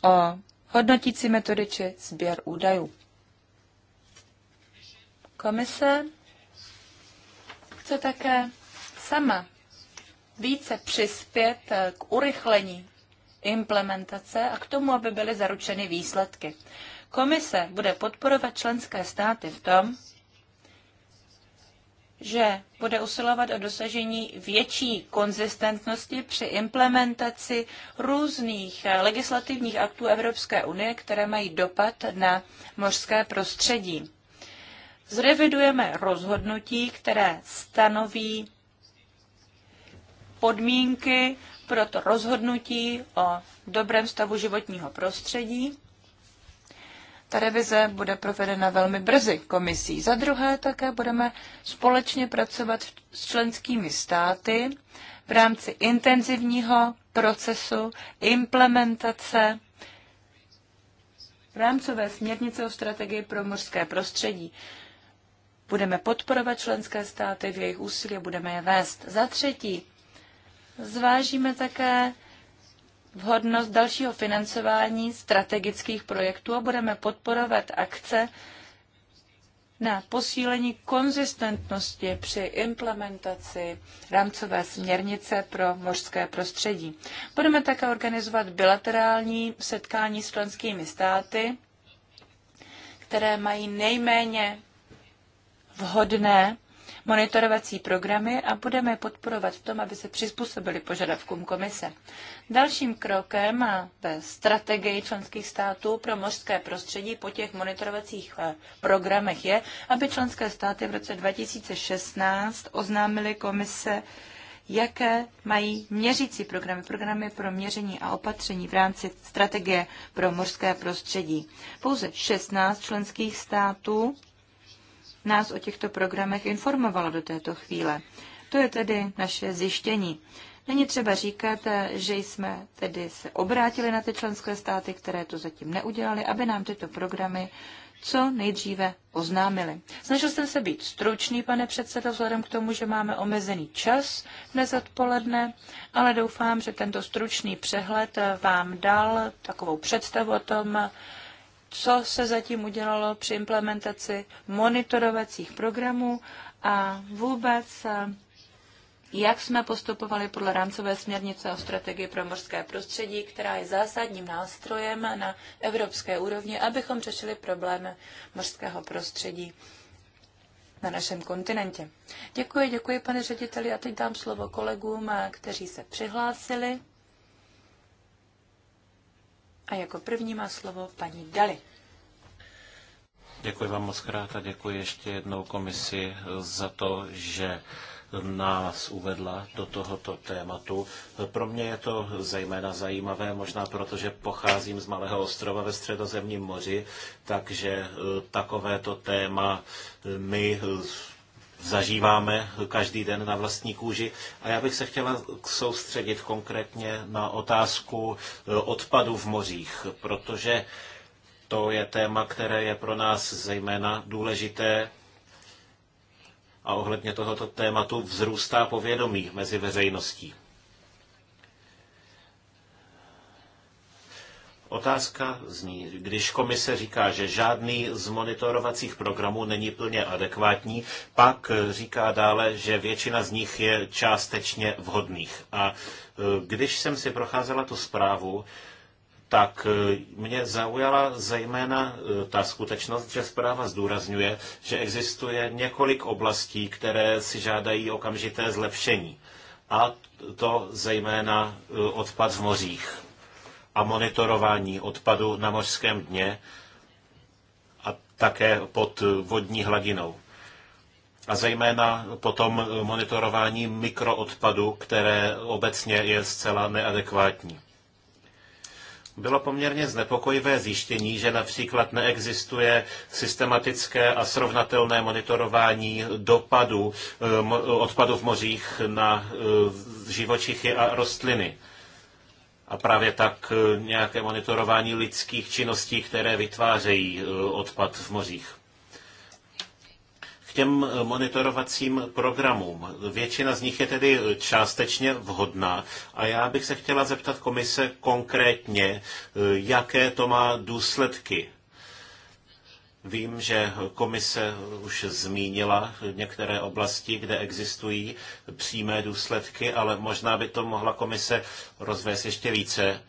o hodnotící metody či sběr údajů. Komise chce také sama více přispět eh, k urychlení implementace a k tomu, aby byly zaručeny výsledky. Komise bude podporovat členské státy v tom, že bude usilovat o dosažení větší konzistentnosti při implementaci různých eh, legislativních aktů Evropské unie, které mají dopad na mořské prostředí. Zrevidujeme rozhodnutí, které stanoví podmínky pro to rozhodnutí o dobrém stavu životního prostředí. Ta revize bude provedena velmi brzy komisí. Za druhé také budeme společně pracovat s členskými státy v rámci intenzivního procesu implementace rámcové směrnice o strategii pro mořské prostředí. Budeme podporovat členské státy v jejich úsilí a budeme je vést. Za třetí, Zvážíme také vhodnost dalšího financování strategických projektů a budeme podporovat akce na posílení konzistentnosti při implementaci rámcové směrnice pro mořské prostředí. Budeme také organizovat bilaterální setkání s členskými státy, které mají nejméně vhodné monitorovací programy a budeme podporovat v tom, aby se přizpůsobili požadavkům komise. Dalším krokem ve strategii členských států pro mořské prostředí po těch monitorovacích eh, programech je, aby členské státy v roce 2016 oznámily komise, jaké mají měřící programy, programy pro měření a opatření v rámci strategie pro mořské prostředí. Pouze 16 členských států nás o těchto programech informovala do této chvíle. To je tedy naše zjištění. Není třeba říkat, že jsme tedy se obrátili na ty členské státy, které to zatím neudělali, aby nám tyto programy co nejdříve oznámili. Snažil jsem se být stručný, pane předsedo, vzhledem k tomu, že máme omezený čas dnes odpoledne, ale doufám, že tento stručný přehled vám dal takovou představu o tom, co se zatím udělalo při implementaci monitorovacích programů a vůbec eh, jak jsme postupovali podle rámcové směrnice o strategii pro mořské prostředí, která je zásadním nástrojem na evropské úrovni, abychom řešili problémy mořského prostředí na našem kontinentě. Děkuji, děkuji, pane řediteli, a teď dám slovo kolegům, eh, kteří se přihlásili. A jako první má slovo paní Dali. Děkuji vám moc krát a děkuji ještě jednou komisi za to, že nás uvedla do tohoto tématu. Pro mě je to zejména zajímavé, možná proto, že pocházím z malého ostrova ve středozemním moři, takže takovéto téma my zažíváme každý den na vlastní kůži. A já bych se chtěla soustředit konkrétně na otázku eh, odpadu v mořích, protože to je téma, které je pro nás zejména důležité a ohledně tohoto tématu vzrůstá povědomí mezi veřejností. Otázka zní, když komise říká, že žádný z monitorovacích programů není plně adekvátní, pak říká dále, že většina z nich je částečně vhodných. A e, když jsem si procházela tu zprávu, tak e, mě zaujala zejména e, ta skutečnost, že zpráva zdůrazňuje, že existuje několik oblastí, které si žádají okamžité zlepšení. A to zejména odpad v mořích a monitorování odpadu na mořském dně a také pod vodní hladinou. A zejména potom monitorování mikroodpadu, které obecně je zcela neadekvátní. Bylo poměrně znepokojivé zjištění, že například neexistuje systematické a srovnatelné monitorování dopadu eh, odpadu v mořích na eh, živočichy a rostliny a právě tak e, nějaké monitorování lidských činností, které vytvářejí e, odpad v mořích. K těm e, monitorovacím programům. Většina z nich je tedy částečně vhodná a já bych se chtěla zeptat komise konkrétně, jaké to má důsledky Vím, že komise už zmínila některé oblasti, kde existují přímé důsledky, ale možná by to mohla komise rozvést ještě více.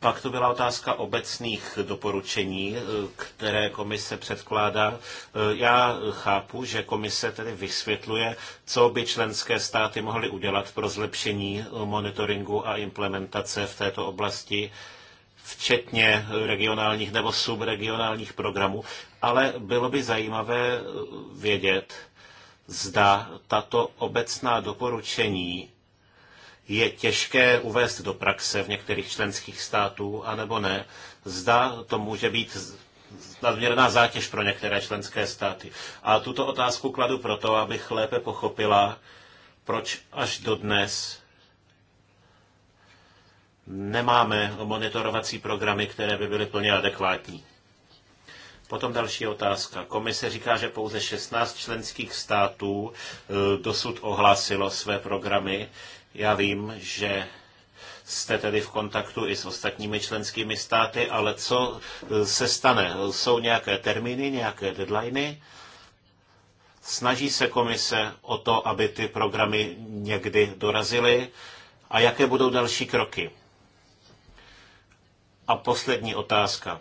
Pak to byla otázka obecných doporučení, které komise předkládá. Já chápu, že komise tedy vysvětluje, co by členské státy mohly udělat pro zlepšení monitoringu a implementace v této oblasti včetně regionálních nebo subregionálních programů, ale bylo by zajímavé vědět, zda tato obecná doporučení je těžké uvést do praxe v některých členských států, anebo ne, zda to může být nadměrná zátěž pro některé členské státy. A tuto otázku kladu proto, abych lépe pochopila, proč až dodnes nemáme monitorovací programy, které by byly plně adekvátní. Potom další otázka. Komise říká, že pouze 16 členských států eh, dosud ohlásilo své programy. Já vím, že jste tedy v kontaktu i s ostatními členskými státy, ale co eh, se stane? Jsou nějaké termíny, nějaké deadliny? Snaží se komise o to, aby ty programy někdy dorazily? A jaké budou další kroky? A poslední otázka.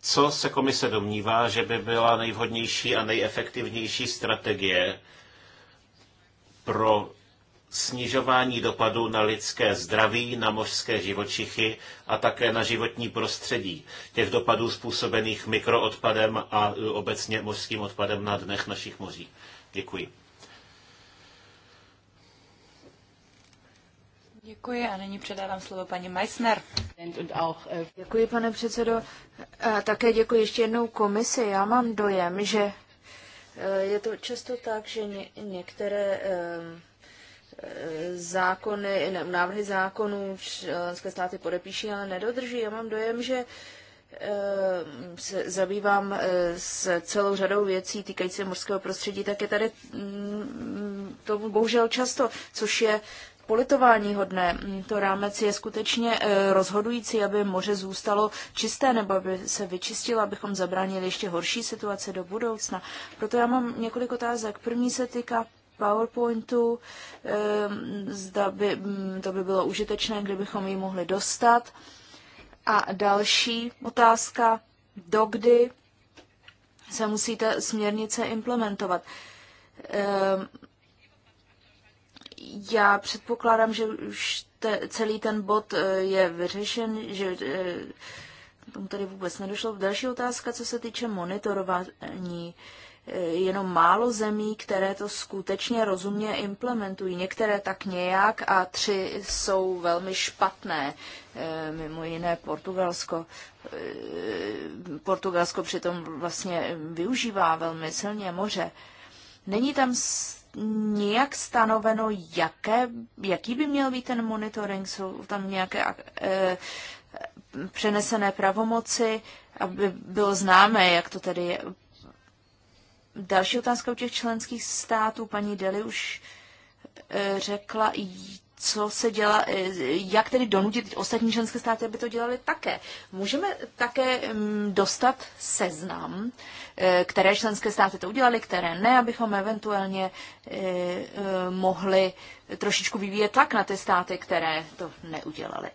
Co se komise domnívá, že by byla nejvhodnější a nejefektivnější strategie pro snižování dopadu na lidské zdraví, na mořské živočichy a také na životní prostředí. Těch dopadů způsobených mikroodpadem a obecně mořským odpadem na dnech našich moří. Děkuji. Děkuji a nyní předávám slovo paní Meissner. Děkuji, pane předsedo. A také děkuji ještě jednou komisi. Já mám dojem, že e, je to často tak, že ně, některé e, e, zákony, návrhy zákonů členské státy podepíší, ale nedodrží. Já mám dojem, že se zabývám s celou řadou věcí týkající se mořského prostředí, tak je tady mm, mm, to bohužel často, což je politování hodné. To rámec je skutečně eh, rozhodující, aby moře zůstalo čisté nebo aby se vyčistilo, abychom zabránili ještě horší situace do budoucna. Proto já mám několik otázek. První se týká PowerPointu, ehm, zda by, mm, to by bylo užitečné, kdybychom ji mohli dostat. A další otázka, dokdy se musí ta směrnice implementovat. Ehm, já předpokládám, že už te, celý ten bod eh, je vyřešen, že eh, tomu tady vůbec nedošlo. Další otázka, co se týče monitorování. Eh, jenom málo zemí, které to skutečně rozumně implementují. Některé tak nějak a tři jsou velmi špatné. Mimo jiné Portugalsko. Portugalsko přitom vlastně využívá velmi silně moře. Není tam nějak stanoveno, jaké, jaký by měl být ten monitoring? Jsou tam nějaké eh, přenesené pravomoci, aby bylo známé, jak to tedy je. Další otázka u těch členských států. Paní Deli už eh, řekla, co se dělá, eh, jak tedy donutit ostatní členské státy, aby to dělali také. Můžeme také mm, dostat seznam, eh, které členské státy to udělali, které ne, abychom eventuálně eh, mohli trošičku vyvíjet tlak na ty státy, které to neudělali.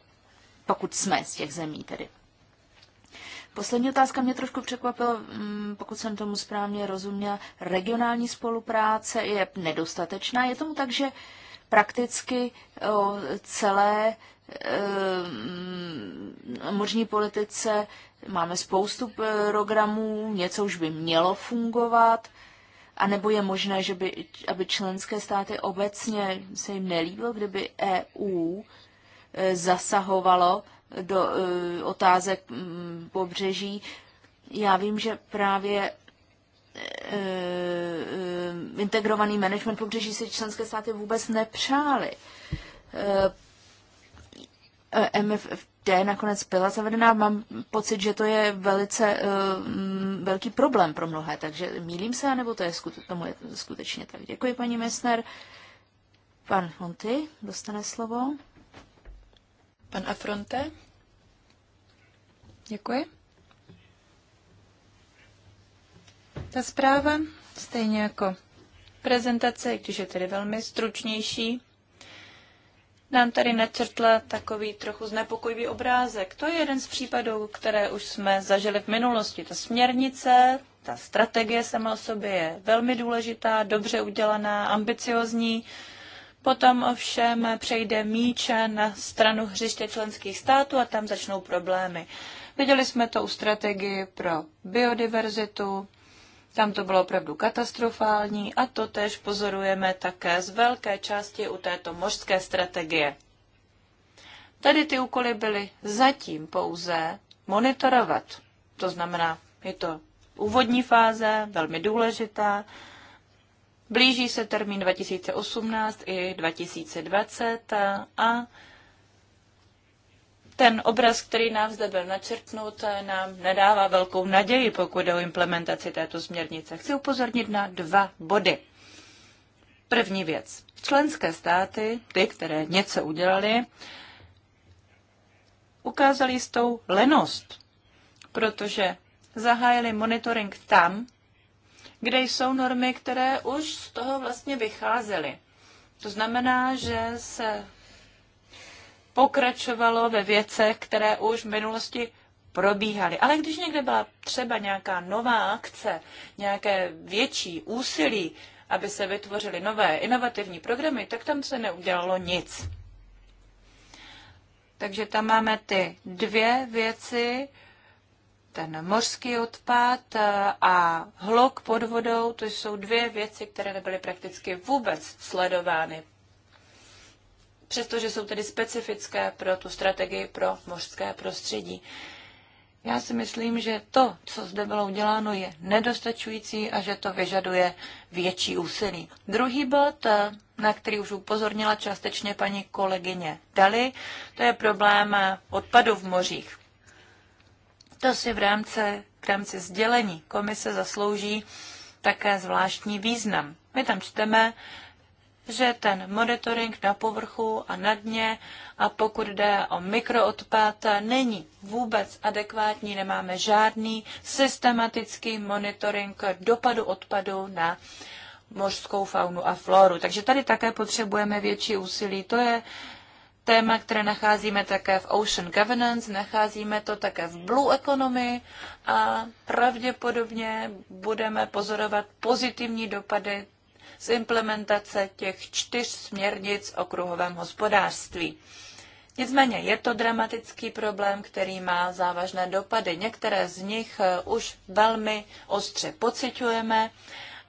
Pokud jsme z těch zemí tedy. Poslední otázka mě trošku překvapila, mm, pokud jsem tomu správně rozuměla. Regionální spolupráce je nedostatečná. Je tomu tak, že prakticky eh, celé eh, možní politice. Máme spoustu eh, programů, něco už by mělo fungovat, a nebo je možné, že by, aby členské státy obecně se jim nelíbilo, kdyby EU zasahovalo do otázek mm, pobřeží. Já vím, že právě Eh, eh, integrovaný management pobřeží si členské státy vůbec nepřáli. Eh, MFD nakonec byla zavedená. Mám pocit, že to je velice velký problém pro mnohé, takže mílím se, nebo to je tomu je skutečně tak. Děkuji, paní Messner. Pan Fonty dostane slovo. Pan Afronte. Děkuji. Ta zpráva, stejně jako prezentace, když je tedy velmi stručnější, nám tady načrtla takový trochu znepokojivý obrázek. To je jeden z případů, které už jsme zažili v minulosti. Ta směrnice, ta strategie sama o sobě je velmi důležitá, dobře udělaná, ambiciozní. Potom ovšem přejde míče na stranu hřiště členských států a tam začnou problémy. Viděli jsme to u strategii pro biodiverzitu, tam to bylo opravdu katastrofální a to tež pozorujeme také z velké části u této mořské strategie. Tady ty úkoly byly zatím pouze monitorovat. To znamená, je to úvodní fáze, velmi důležitá. Blíží se termín 2018 i 2020 a ten obraz, který nám zde byl načrtnut, nám nedává velkou naději, pokud jde o implementaci této směrnice. Chci upozornit na dva body. První věc. Členské státy, ty, které něco udělali, ukázali jistou lenost, protože zahájili monitoring tam, kde jsou normy, které už z toho vlastně vycházely. To znamená, že se pokračovalo ve věcech, které už v minulosti probíhaly. Ale když někde byla třeba nějaká nová akce, nějaké větší úsilí, aby se vytvořily nové inovativní programy, tak tam se neudělalo nic. Takže tam máme ty dvě věci, ten mořský odpad a hluk pod vodou, to jsou dvě věci, které nebyly prakticky vůbec sledovány přestože jsou tedy specifické pro tu strategii pro mořské prostředí. Já si myslím, že to, co zde bylo uděláno, je nedostačující a že to vyžaduje větší úsilí. Druhý bod, eh, na který už upozornila částečně paní kolegyně Dali, to je problém eh, odpadu v mořích. To si v rámci, v rámci sdělení komise zaslouží také zvláštní význam. My tam čteme, že ten monitoring na povrchu a na dně a pokud jde o mikroodpad, není vůbec adekvátní, nemáme žádný systematický monitoring dopadu odpadu na mořskou faunu a floru. Takže tady také potřebujeme větší úsilí. To je téma, které nacházíme také v Ocean Governance, nacházíme to také v Blue Economy a pravděpodobně budeme pozorovat pozitivní dopady z implementace těch čtyř směrnic o kruhovém hospodářství. Nicméně je to dramatický problém, který má závažné dopady. Některé z nich eh, už velmi ostře pociťujeme.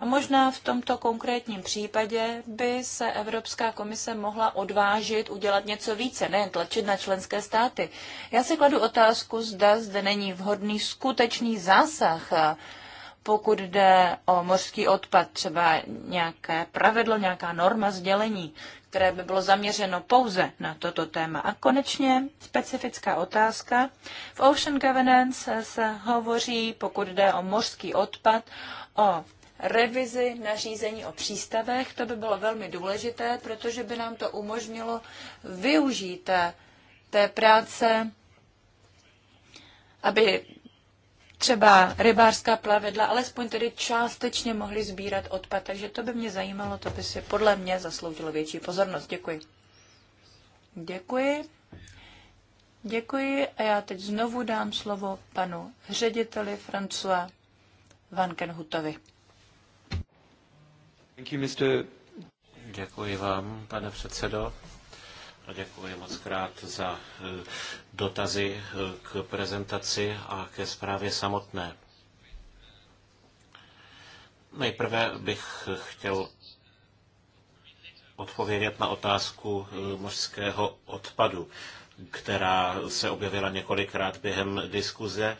A možná v tomto konkrétním případě by se Evropská komise mohla odvážit udělat něco více, nejen tlačit na členské státy. Já si kladu otázku, zda zde není vhodný skutečný zásah eh, pokud jde o mořský odpad, třeba nějaké pravidlo, nějaká norma sdělení, které by bylo zaměřeno pouze na toto téma. A konečně specifická otázka. V Ocean Governance se hovoří, pokud jde o mořský odpad, o revizi nařízení o přístavech. To by bylo velmi důležité, protože by nám to umožnilo využít té práce, aby třeba rybářská plavidla alespoň tedy částečně mohly sbírat odpad, takže to by mě zajímalo, to by si podle mě zasloužilo větší pozornost. Děkuji. Děkuji. Děkuji a já teď znovu dám slovo panu řediteli François Vankenhutovi. Děkuji vám, pane předsedo. Děkuji moc krát za eh, dotazy eh, k prezentaci a ke zprávě samotné. Nejprve bych eh, chtěl odpovědět na otázku mořského odpadu, která se objevila několikrát během diskuze,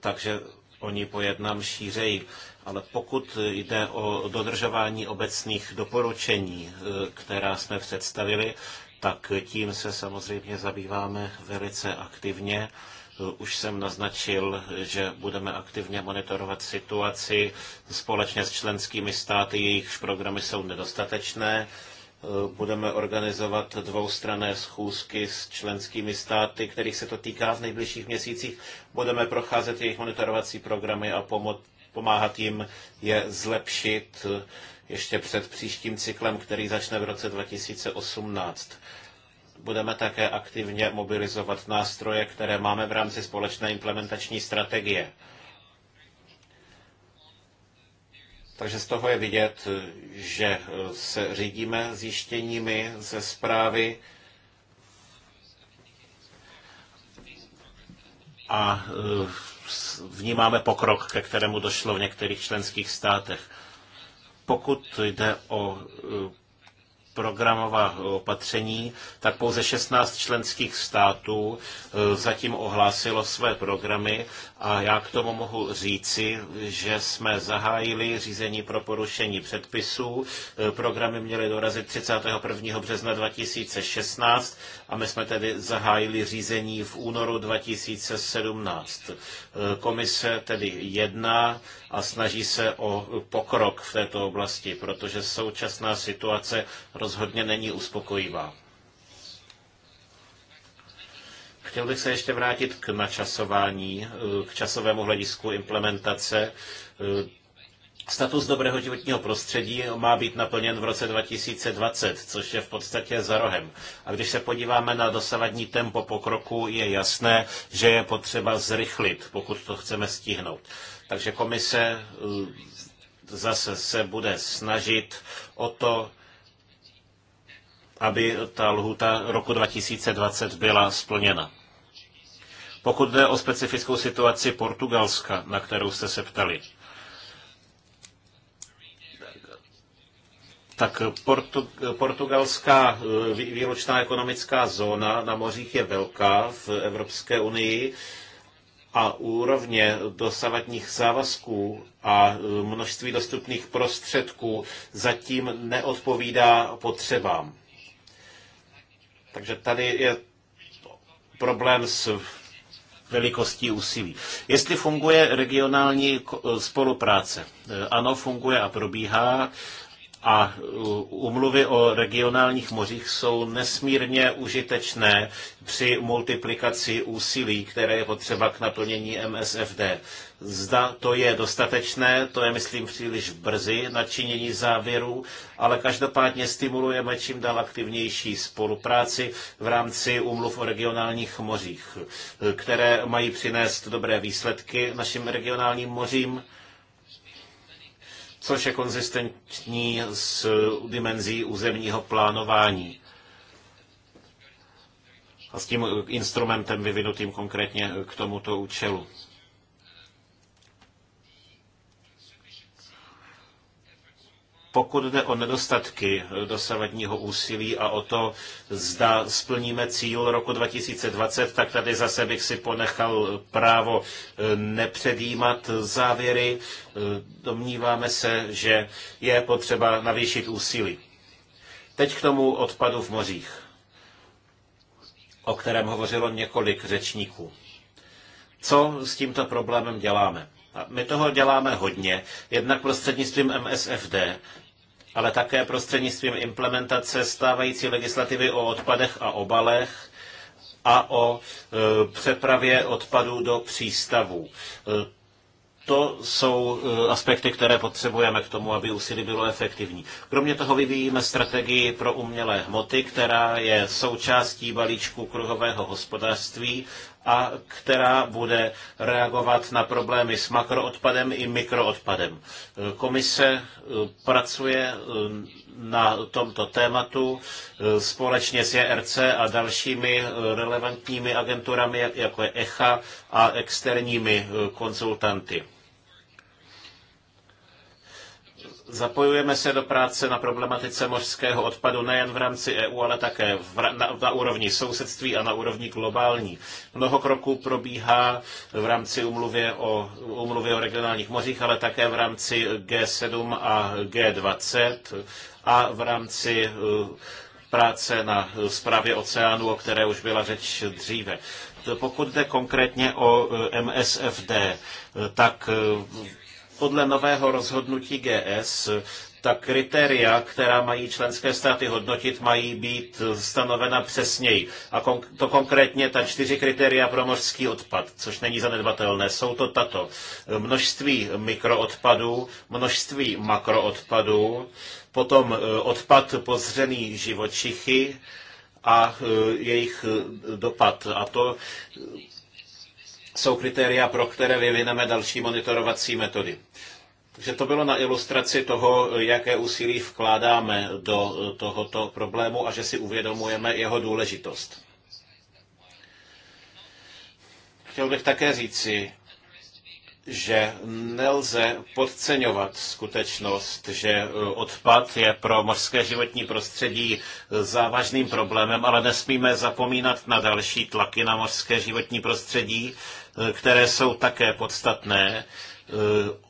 takže o ní pojednám šířeji. Ale pokud jde o dodržování obecných doporučení, která jsme představili, tak tím se samozřejmě zabýváme velice aktivně. Už jsem naznačil, že budeme aktivně monitorovat situaci společně s členskými státy, jejichž programy jsou nedostatečné. Budeme organizovat dvoustranné schůzky s členskými státy, kterých se to týká v nejbližších měsících. Budeme procházet jejich monitorovací programy a pomáhat jim je zlepšit ještě před příštím cyklem, který začne v roce 2018. Budeme také aktivně mobilizovat nástroje, které máme v rámci společné implementační strategie. Takže z toho je vidět, že eh, se řídíme zjištěními ze zprávy a eh, vnímáme pokrok, ke kterému došlo v některých členských státech. Pokud jde o eh, programová opatření, tak pouze 16 členských států e, zatím ohlásilo své programy a já k tomu mohu říci, že jsme zahájili řízení pro porušení předpisů. E, programy měly dorazit 31. března 2016 a my jsme tedy zahájili řízení v únoru 2017. Komise tedy jedná a snaží se o pokrok v této oblasti, protože současná situace rozhodně není uspokojivá. Chtěl bych se ještě vrátit k načasování, k časovému hledisku implementace. Status dobrého životního prostředí má být naplněn v roce 2020, což je v podstatě za rohem. A když se podíváme na dosavadní tempo pokroku, je jasné, že je potřeba zrychlit, pokud to chceme stihnout. Takže komise eh, zase se bude snažit o to, aby ta lhuta roku 2020 byla splněna. Pokud jde o specifickou situaci Portugalska, na kterou jste se ptali, tak Portu, portugalská eh, výročná ekonomická zóna na mořích je velká v Evropské unii a úrovně dosavadních závazků a eh, množství dostupných prostředků zatím neodpovídá potřebám. Takže tady je problém s velikostí úsilí. Jestli funguje regionální eh, spolupráce? Ano, funguje a probíhá. A umluvy o regionálních mořích jsou nesmírně užitečné při multiplikaci úsilí, které je potřeba k naplnění MSFD. Zda to je dostatečné, to je, myslím, příliš brzy na činění závěrů, ale každopádně stimulujeme čím dál aktivnější spolupráci v rámci umluv o regionálních mořích, které mají přinést dobré výsledky našim regionálním mořím což je konzistentní s dimenzí územního plánování a s tím instrumentem vyvinutým konkrétně k tomuto účelu. Pokud jde o nedostatky eh, dosavadního úsilí a o to, zda splníme cíl roku 2020, tak tady zase bych si ponechal právo eh, nepředjímat závěry. Eh, domníváme se, že je potřeba navýšit úsilí. Teď k tomu odpadu v mořích, o kterém hovořilo několik řečníků. Co s tímto problémem děláme? My toho děláme hodně, jednak prostřednictvím MSFD, ale také prostřednictvím implementace stávající legislativy o odpadech a obalech a o e, přepravě odpadů do přístavů. E, to jsou e, aspekty, které potřebujeme k tomu, aby úsilí bylo efektivní. Kromě toho vyvíjíme strategii pro umělé hmoty, která je součástí balíčku kruhového hospodářství a která bude reagovat na problémy s makroodpadem i mikroodpadem. Komise e, pracuje e, na tomto tématu e, společně s JRC a dalšími relevantními agenturami, jako je ECHA a externími konzultanty. Zapojujeme se do práce na problematice mořského odpadu nejen v rámci EU, ale také na, na úrovni sousedství a na úrovni globální. Mnoho kroků probíhá v rámci umluvy o, umluvy o regionálních mořích, ale také v rámci G7 a G20 a v rámci eh, práce na zprávě oceánu, o které už byla řeč dříve. Pokud jde konkrétně o eh, MSFD, eh, tak podle nového rozhodnutí GS ta kritéria, která mají členské státy hodnotit, mají být stanovena přesněji. A to konkrétně ta čtyři kritéria pro mořský odpad, což není zanedbatelné, jsou to tato. Množství mikroodpadů, množství makroodpadů, potom e, odpad pozřený živočichy a e, jejich e, dopad. A to jsou kritéria, pro které vyvineme další monitorovací metody. Takže to bylo na ilustraci toho, jaké úsilí vkládáme do tohoto problému a že si uvědomujeme jeho důležitost. Chtěl bych také říci, že nelze podceňovat skutečnost, že odpad je pro mořské životní prostředí závažným problémem, ale nesmíme zapomínat na další tlaky na mořské životní prostředí, které jsou také podstatné, e,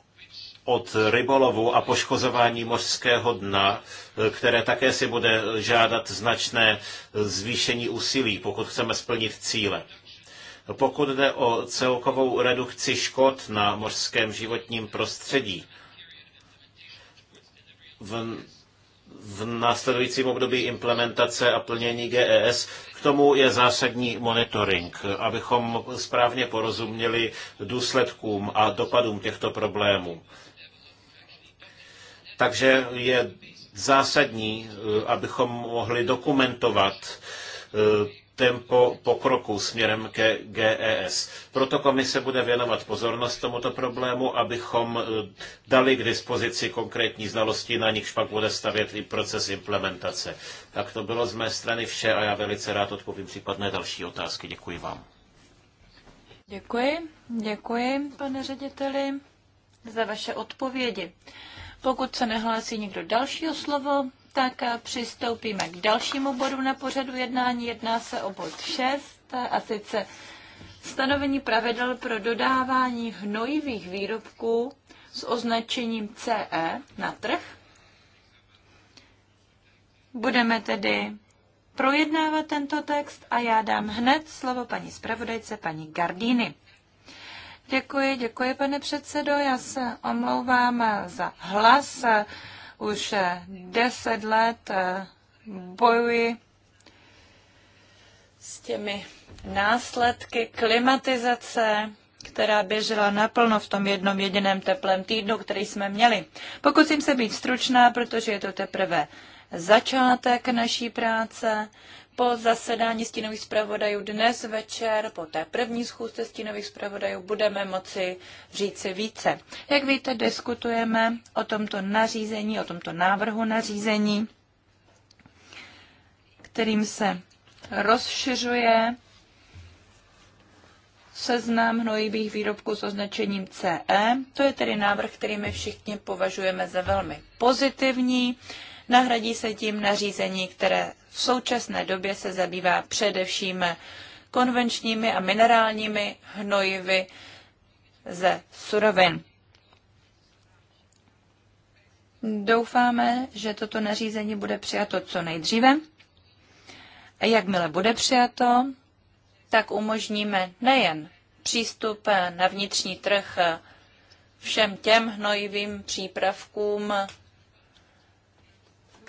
od rybolovu a poškozování mořského dna, e, které také si bude žádat značné zvýšení úsilí, pokud chceme splnit cíle. Pokud jde o celkovou redukci škod na mořském životním prostředí, v v následujícím období implementace a plnění GES. K tomu je zásadní monitoring, abychom správně porozuměli důsledkům a dopadům těchto problémů. Takže je zásadní, eh, abychom mohli dokumentovat eh, tempo pokroku směrem ke GES. Proto komise bude věnovat pozornost tomuto problému, abychom e, dali k dispozici konkrétní znalosti, na nichž pak bude stavět i proces implementace. Tak to bylo z mé strany vše a já velice rád odpovím případné další otázky. Děkuji vám. Děkuji, děkuji, pane řediteli, za vaše odpovědi. Pokud se nehlásí někdo dalšího slovo, tak eh, přistoupíme k dalšímu bodu na pořadu jednání. Jedná se o bod 6 eh, a sice stanovení pravidel pro dodávání hnojivých výrobků s označením CE na trh. Budeme tedy projednávat tento text a já dám hned slovo paní zpravodajce, paní Gardíny. Děkuji, děkuji, pane předsedo. Já se omlouvám eh, za hlas už eh, deset let eh, bojuji s těmi následky klimatizace, která běžela naplno v tom jednom jediném teplém týdnu, který jsme měli. Pokusím se být stručná, protože je to teprve začátek naší práce po zasedání stínových zpravodajů dnes večer, po té první schůzce stínových zpravodajů, budeme moci říci více. Jak víte, diskutujeme o tomto nařízení, o tomto návrhu nařízení, kterým se rozšiřuje seznam hnojivých výrobků s označením CE. To je tedy návrh, který my všichni považujeme za velmi pozitivní. Nahradí se tím nařízení, které v současné době se zabývá především konvenčními a minerálními hnojivy ze surovin. Doufáme, že toto nařízení bude přijato co nejdříve. A jakmile bude přijato, tak umožníme nejen přístup na vnitřní trh všem těm hnojivým přípravkům,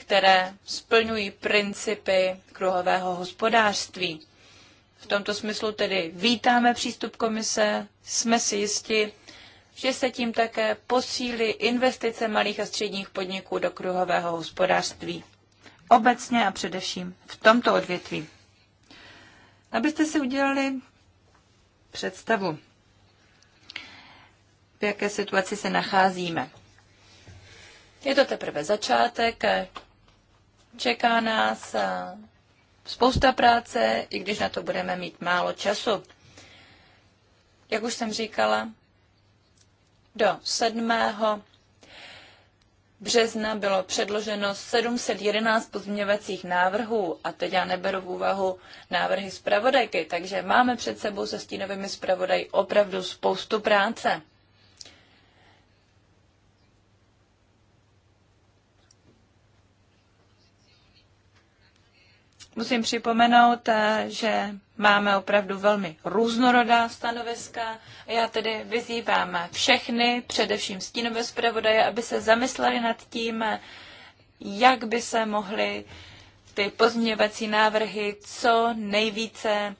které splňují principy kruhového hospodářství. V tomto smyslu tedy vítáme přístup komise, jsme si jisti, že se tím také posílí investice malých a středních podniků do kruhového hospodářství. Obecně a především v tomto odvětví. Abyste si udělali představu, v jaké situaci se nacházíme. Je to teprve začátek, Čeká nás eh, spousta práce, i když na to budeme mít málo času. Jak už jsem říkala, do 7. března bylo předloženo 711 pozměňovacích návrhů a teď já neberu v úvahu návrhy zpravodajky, takže máme před sebou se stínovými zpravodají opravdu spoustu práce. Musím připomenout, eh, že máme opravdu velmi různorodá stanoviska. Já tedy vyzývám všechny, především stínové zpravodaje, aby se zamysleli nad tím, jak by se mohly ty pozměňovací návrhy co nejvíce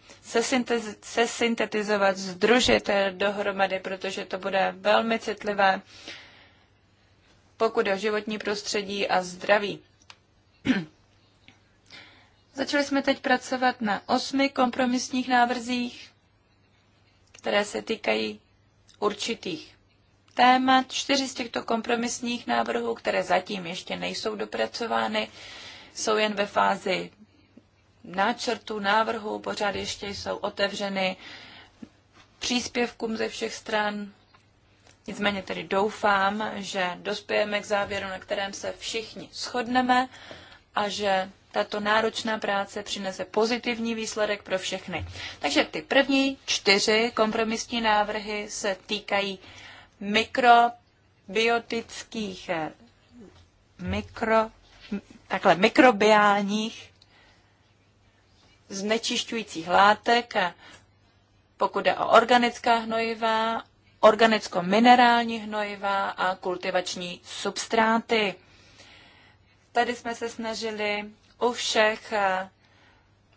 se syntetizovat, združit eh, dohromady, protože to bude velmi citlivé, pokud je o životní prostředí a zdraví. (clears throat) Začali jsme teď pracovat na osmi kompromisních návrzích, které se týkají určitých témat. Čtyři z těchto kompromisních návrhů, které zatím ještě nejsou dopracovány, jsou jen ve fázi náčrtu, návrhu, pořád ještě jsou otevřeny příspěvkům ze všech stran. Nicméně tedy doufám, že dospějeme k závěru, na kterém se všichni shodneme a že tato náročná práce přinese pozitivní výsledek pro všechny. Takže ty první čtyři kompromisní návrhy se týkají mikrobiotických, eh, mikro, takhle, mikrobiálních znečišťujících látek, eh, pokud je o organická hnojiva, organicko-minerální hnojiva a kultivační substráty. Tady jsme se snažili u všech eh,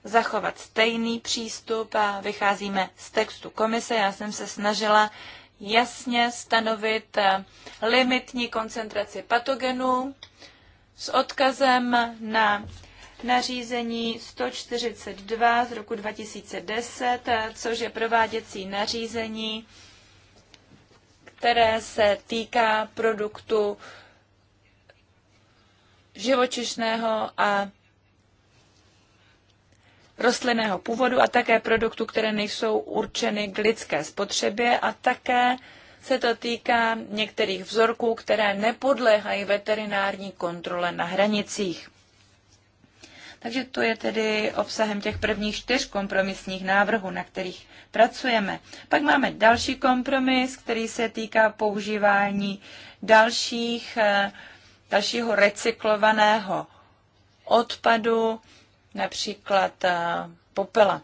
zachovat stejný přístup a vycházíme z textu komise. Já jsem se snažila jasně stanovit eh, limitní koncentraci patogenů s odkazem na nařízení 142 z roku 2010, eh, což je prováděcí nařízení, které se týká produktu živočišného a rostlinného původu a také produktů, které nejsou určeny k lidské spotřebě a také se to týká některých vzorků, které nepodléhají veterinární kontrole na hranicích. Takže to je tedy obsahem těch prvních čtyř kompromisních návrhů, na kterých pracujeme. Pak máme další kompromis, který se týká používání dalších, eh, dalšího recyklovaného odpadu například eh, popela.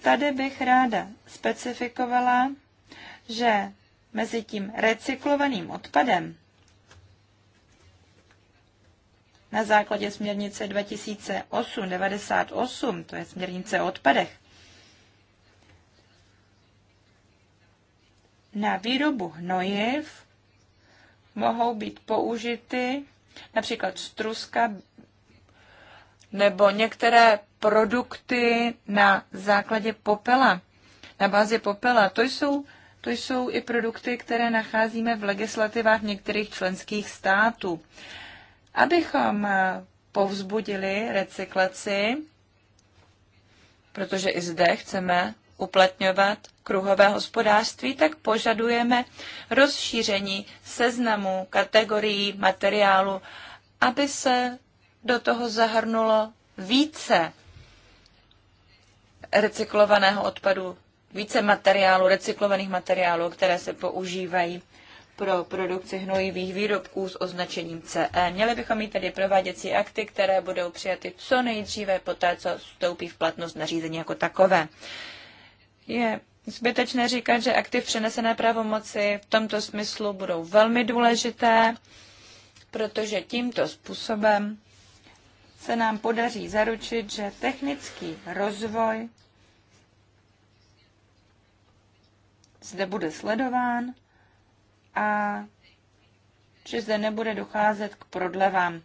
Tady bych ráda specifikovala, že mezi tím recyklovaným odpadem na základě směrnice 2008-98, to je směrnice o odpadech, na výrobu hnojiv mohou být použity například struska nebo některé produkty na základě popela, na bázi popela. To jsou, to jsou i produkty, které nacházíme v legislativách některých členských států. Abychom eh, povzbudili recyklaci, protože i zde chceme uplatňovat kruhové hospodářství, tak požadujeme rozšíření seznamu kategorií materiálu, aby se do toho zahrnulo více recyklovaného odpadu, více materiálu, recyklovaných materiálů, které se používají pro produkci hnojivých výrobků s označením CE. Měli bychom mít tedy prováděcí akty, které budou přijaty co nejdříve poté, co vstoupí v platnost nařízení jako takové. Je zbytečné říkat, že aktiv přenesené pravomoci v tomto smyslu budou velmi důležité, protože tímto způsobem se nám podaří zaručit, že technický rozvoj zde bude sledován a že zde nebude docházet k prodlevám.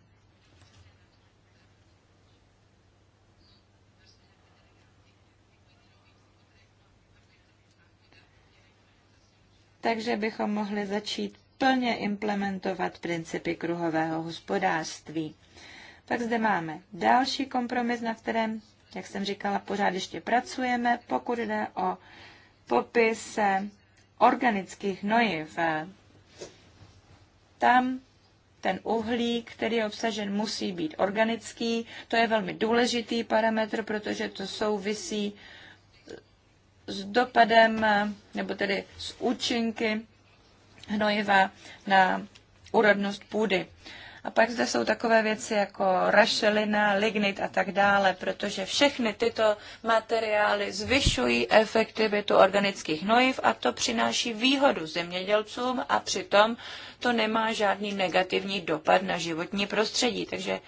takže bychom mohli začít plně implementovat principy kruhového hospodářství. Pak zde máme další kompromis, na kterém, jak jsem říkala, pořád ještě pracujeme, pokud jde o popis organických hnojiv. Tam ten uhlík, který je obsažen, musí být organický. To je velmi důležitý parametr, protože to souvisí s dopadem, nebo tedy s účinky hnojiva na úrodnost půdy. A pak zde jsou takové věci jako rašelina, lignit a tak dále, protože všechny tyto materiály zvyšují efektivitu organických hnojiv a to přináší výhodu zemědělcům a přitom to nemá žádný negativní dopad na životní prostředí. Takže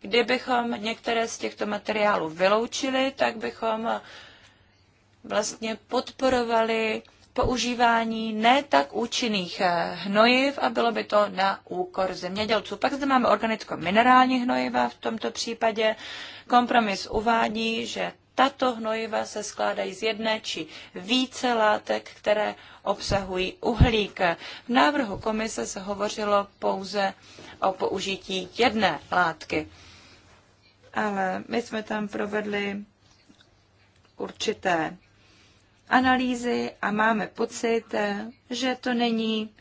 kdybychom některé z těchto materiálů vyloučili, tak bychom vlastně podporovali používání ne tak účinných eh, hnojiv a bylo by to na úkor zemědělců. Pak zde máme organicko-minerální hnojiva. V tomto případě kompromis uvádí, že tato hnojiva se skládají z jedné či více látek, které obsahují uhlík. V návrhu komise se hovořilo pouze o použití jedné látky. Ale my jsme tam provedli určité analýzy a máme pocit, eh, že to není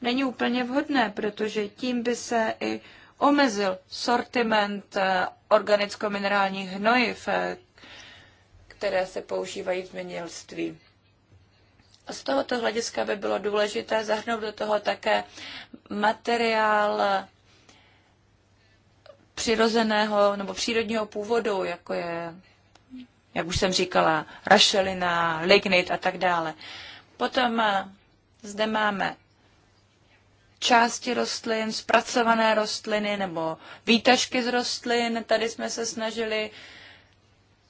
není úplně vhodné, protože tím by se i omezil sortiment eh, organicko-minerálních hnojiv, eh, které se používají v zemědělství. Z tohoto hlediska by bylo důležité zahrnout do toho také materiál přirozeného nebo přírodního původu, jako je jak už jsem říkala, rašelina, lignit a tak dále. Potom eh, zde máme části rostlin, zpracované rostliny nebo výtažky z rostlin. Tady jsme se snažili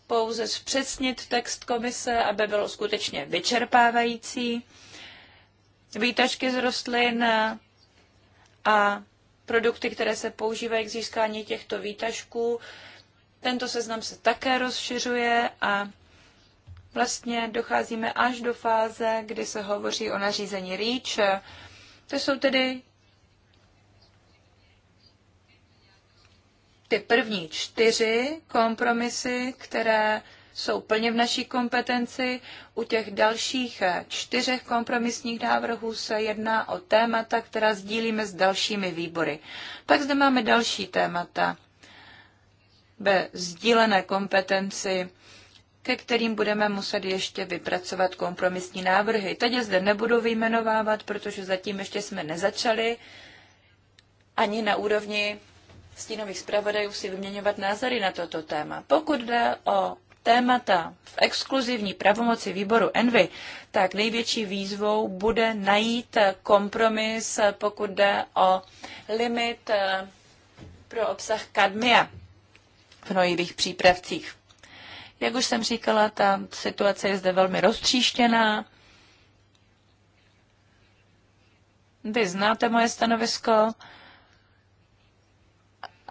pouze zpřesnit text komise, aby byl skutečně vyčerpávající. Výtažky z rostlin eh, a produkty, které se používají k získání těchto výtažků, tento seznam se také rozšiřuje a vlastně docházíme až do fáze, kdy se hovoří o nařízení REACH. To jsou tedy ty první čtyři kompromisy, které jsou plně v naší kompetenci. U těch dalších čtyřech kompromisních návrhů se jedná o témata, která sdílíme s dalšími výbory. Pak zde máme další témata ve sdílené kompetenci, ke kterým budeme muset ještě vypracovat kompromisní návrhy. Teď je zde nebudu vyjmenovávat, protože zatím ještě jsme nezačali ani na úrovni stínových zpravodajů si vyměňovat názory na toto téma. Pokud jde o témata v exkluzivní pravomoci výboru Envy, tak největší výzvou bude najít kompromis, pokud jde o limit eh, pro obsah kadmia hnojivých přípravcích. Jak už jsem říkala, ta situace je zde velmi roztříštěná. Vy znáte moje stanovisko,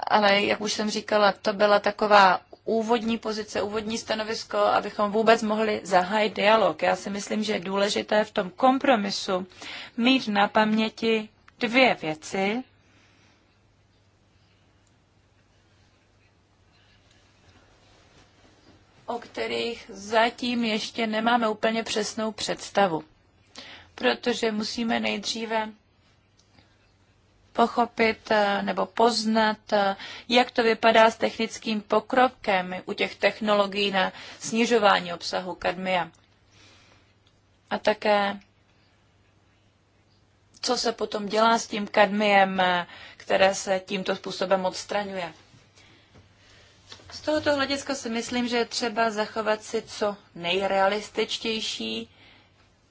ale jak už jsem říkala, to byla taková úvodní pozice, úvodní stanovisko, abychom vůbec mohli zahájit dialog. Já si myslím, že je důležité v tom kompromisu mít na paměti dvě věci, o kterých zatím ještě nemáme úplně přesnou představu, protože musíme nejdříve pochopit eh, nebo poznat, eh, jak to vypadá s technickým pokrokem u těch technologií na snižování obsahu kadmia. A také, co se potom dělá s tím kadmiem, eh, které se tímto způsobem odstraňuje. Z tohoto hlediska si myslím, že je třeba zachovat si co nejrealističtější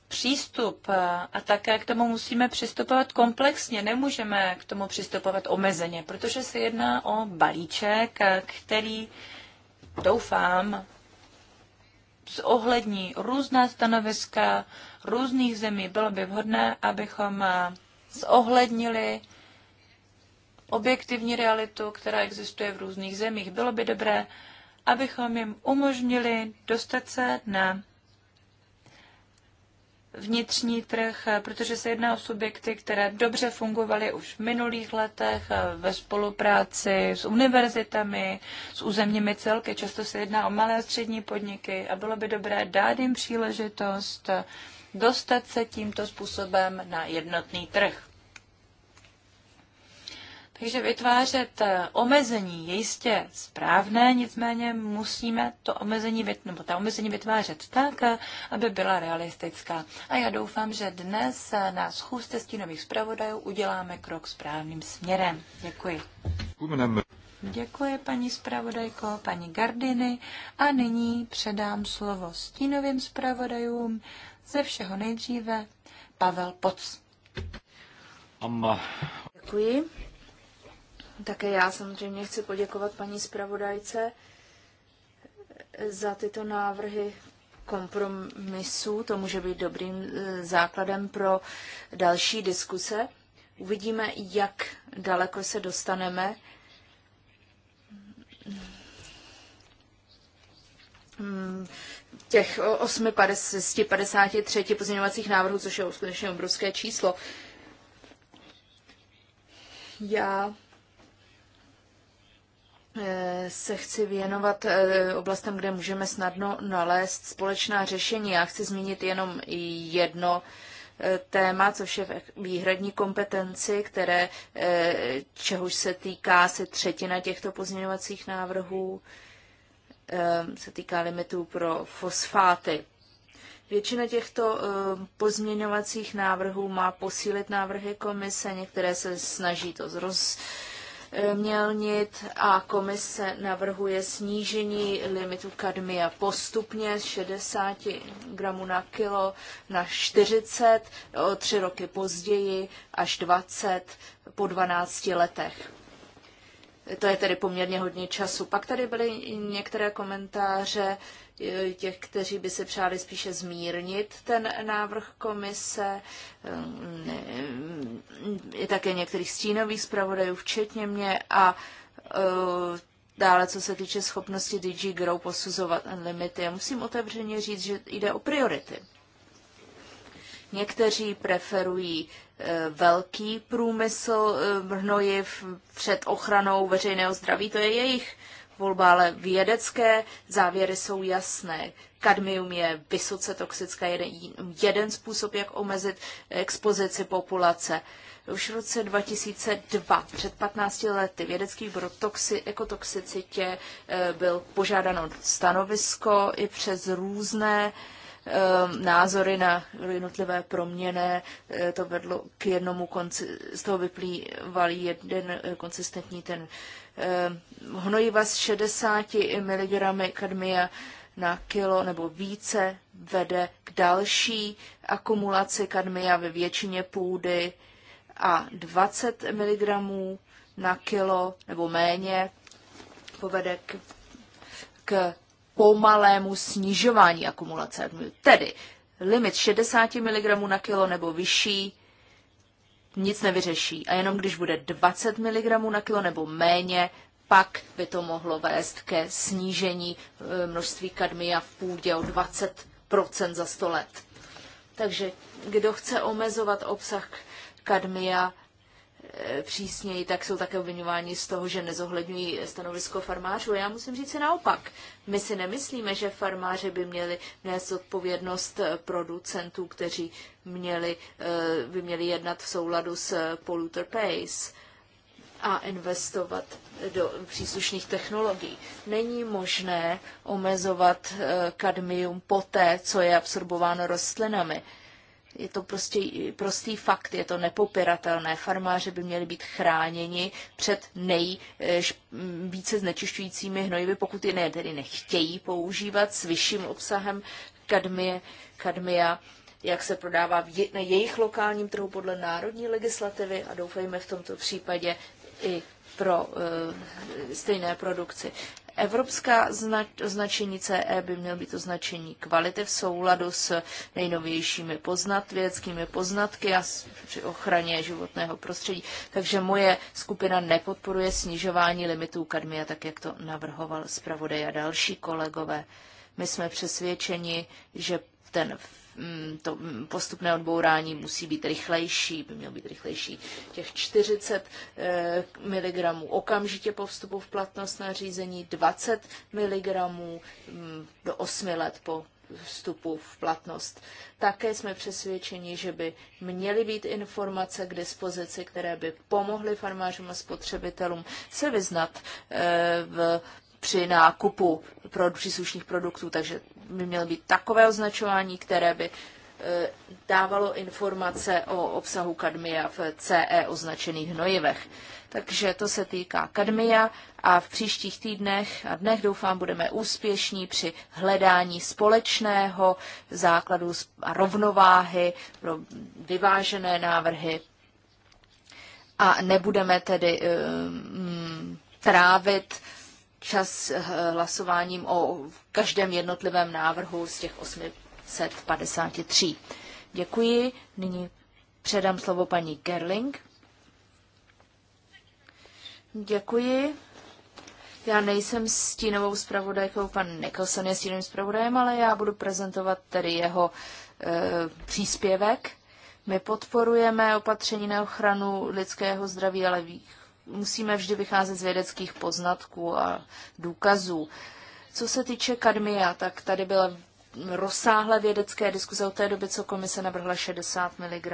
přístup a také k tomu musíme přistupovat komplexně. Nemůžeme k tomu přistupovat omezeně, protože se jedná o balíček, který doufám zohlední různá stanoviska různých zemí. Bylo by vhodné, abychom zohlednili objektivní realitu, která existuje v různých zemích. Bylo by dobré, abychom jim umožnili dostat se na vnitřní trh, protože se jedná o subjekty, které dobře fungovaly už v minulých letech eh, ve spolupráci s univerzitami, s územními celky. Často se jedná o malé a střední podniky a bylo by dobré dát jim příležitost dostat se tímto způsobem na jednotný trh. Takže vytvářet eh, omezení je jistě správné, nicméně musíme to omezení, nebo ta omezení vytvářet tak, eh, aby byla realistická. A já doufám, že dnes eh, na schůzce stínových zpravodajů uděláme krok správným směrem. Děkuji. Děkuji, paní zpravodajko, paní Gardiny. A nyní předám slovo stínovým zpravodajům. Ze všeho nejdříve Pavel Poc. Amma. Děkuji. Také já samozřejmě chci poděkovat paní zpravodajce za tyto návrhy kompromisu. To může být dobrým e, základem pro další diskuse. Uvidíme, jak daleko se dostaneme. Hmm, těch 853 pozměňovacích návrhů, což je skutečně obrovské číslo. Já Eh, se chci věnovat eh, oblastem, kde můžeme snadno nalézt společná řešení. Já chci zmínit jenom jedno eh, téma, což je výhradní kompetenci, které, čehož se týká asi třetina těchto pozměňovacích návrhů, se týká limitů pro fosfáty. Většina těchto pozměňovacích návrhů má posílit návrhy komise, některé se snaží to zroz, Eh, mělnit a komise navrhuje snížení limitu kadmia postupně z 60 gramů na kilo na 40, o tři roky později až 20 po 12 letech. To je tedy poměrně hodně času. Pak tady byly některé komentáře těch, kteří by si přáli spíše zmírnit ten návrh komise, i eh, také některých stínových zpravodajů, včetně mě a eh, Dále, co se týče schopnosti DG Grow posuzovat limity, já musím otevřeně říct, že jde o priority. Někteří preferují eh, velký průmysl hnojiv před ochranou veřejného zdraví, to je jejich volba, ale vědecké závěry jsou jasné. Kadmium je vysoce toxické, jeden, jeden způsob, jak omezit expozici populace. Už v roce 2002, před 15 lety, vědecký výbor toxi, ekotoxicitě eh, byl požádán stanovisko i přes různé uh, Ehm, názory na jednotlivé proměny. Eh, to vedlo k jednomu konci, z toho vyplývalý jeden eh, konsistentní ten ehm, hnojiva s 60 mg kadmia na kilo nebo více vede k další akumulaci kadmia ve většině půdy a 20 mg na kilo nebo méně povede k, k pomalému snižování akumulace adminu. Tedy limit 60 mg na kilo nebo vyšší nic nevyřeší. A jenom když bude 20 mg na kilo nebo méně, pak by to mohlo vést ke snížení e, množství kadmia v půdě o 20 za 100 let. Takže kdo chce omezovat obsah kadmia, Eh, přísněji, tak jsou také obvinováni z toho, že nezohledňují stanovisko farmářů. Já musím říct si naopak. My si nemyslíme, že farmáři by měli nést odpovědnost eh, producentů, kteří měli, eh, by měli jednat v souladu s polluter pays a investovat do příslušných technologií. Není možné omezovat kadmium poté, co je absorbováno rostlinami je to prostě prostý fakt, je to nepopiratelné. Farmáři by měli být chráněni před nejvíce znečišťujícími hnojivy, pokud je ne, tedy nechtějí používat s vyšším obsahem kadmie, kadmia, jak se prodává na jejich lokálním trhu podle národní legislativy a doufejme v tomto případě i pro e, stejné produkci. Evropská značení CE by mělo být to značení kvality v souladu s nejnovějšími poznat, vědeckými poznatky a při ochraně životného prostředí. Takže moje skupina nepodporuje snižování limitů kadmia, tak jak to navrhoval zpravodaj a další kolegové. My jsme přesvědčeni, že ten Mm, to mm, postupné odbourání musí být rychlejší, by mělo být rychlejší. Těch 40 eh, mg okamžitě po vstupu v platnost nařízení, 20 mg mm, do 8 let po vstupu v platnost. Také jsme přesvědčeni, že by měly být informace k dispozici, které by pomohly farmářům a spotřebitelům se vyznat eh, v při nákupu pro příslušných produktů, takže by mělo být takové označování, které by eh, dávalo informace o obsahu kadmia v CE označených hnojivech. Takže to se týká kadmia a v příštích týdnech a dnech doufám budeme úspěšní při hledání společného základu a rovnováhy pro vyvážené návrhy a nebudeme tedy um, trávit čas eh, hlasováním o každém jednotlivém návrhu z těch 853. Děkuji. Nyní předám slovo paní Gerling. Děkuji. Já nejsem stínovou zpravodajkou, pan Nicholson je stínovým zpravodajem, ale já budu prezentovat tedy jeho e, příspěvek. My podporujeme opatření na ochranu lidského zdraví, ale musíme vždy vycházet z vědeckých poznatků a důkazů. Co se týče kadmia, tak tady byla rozsáhlé vědecké diskuze o té doby, co komise navrhla 60 mg.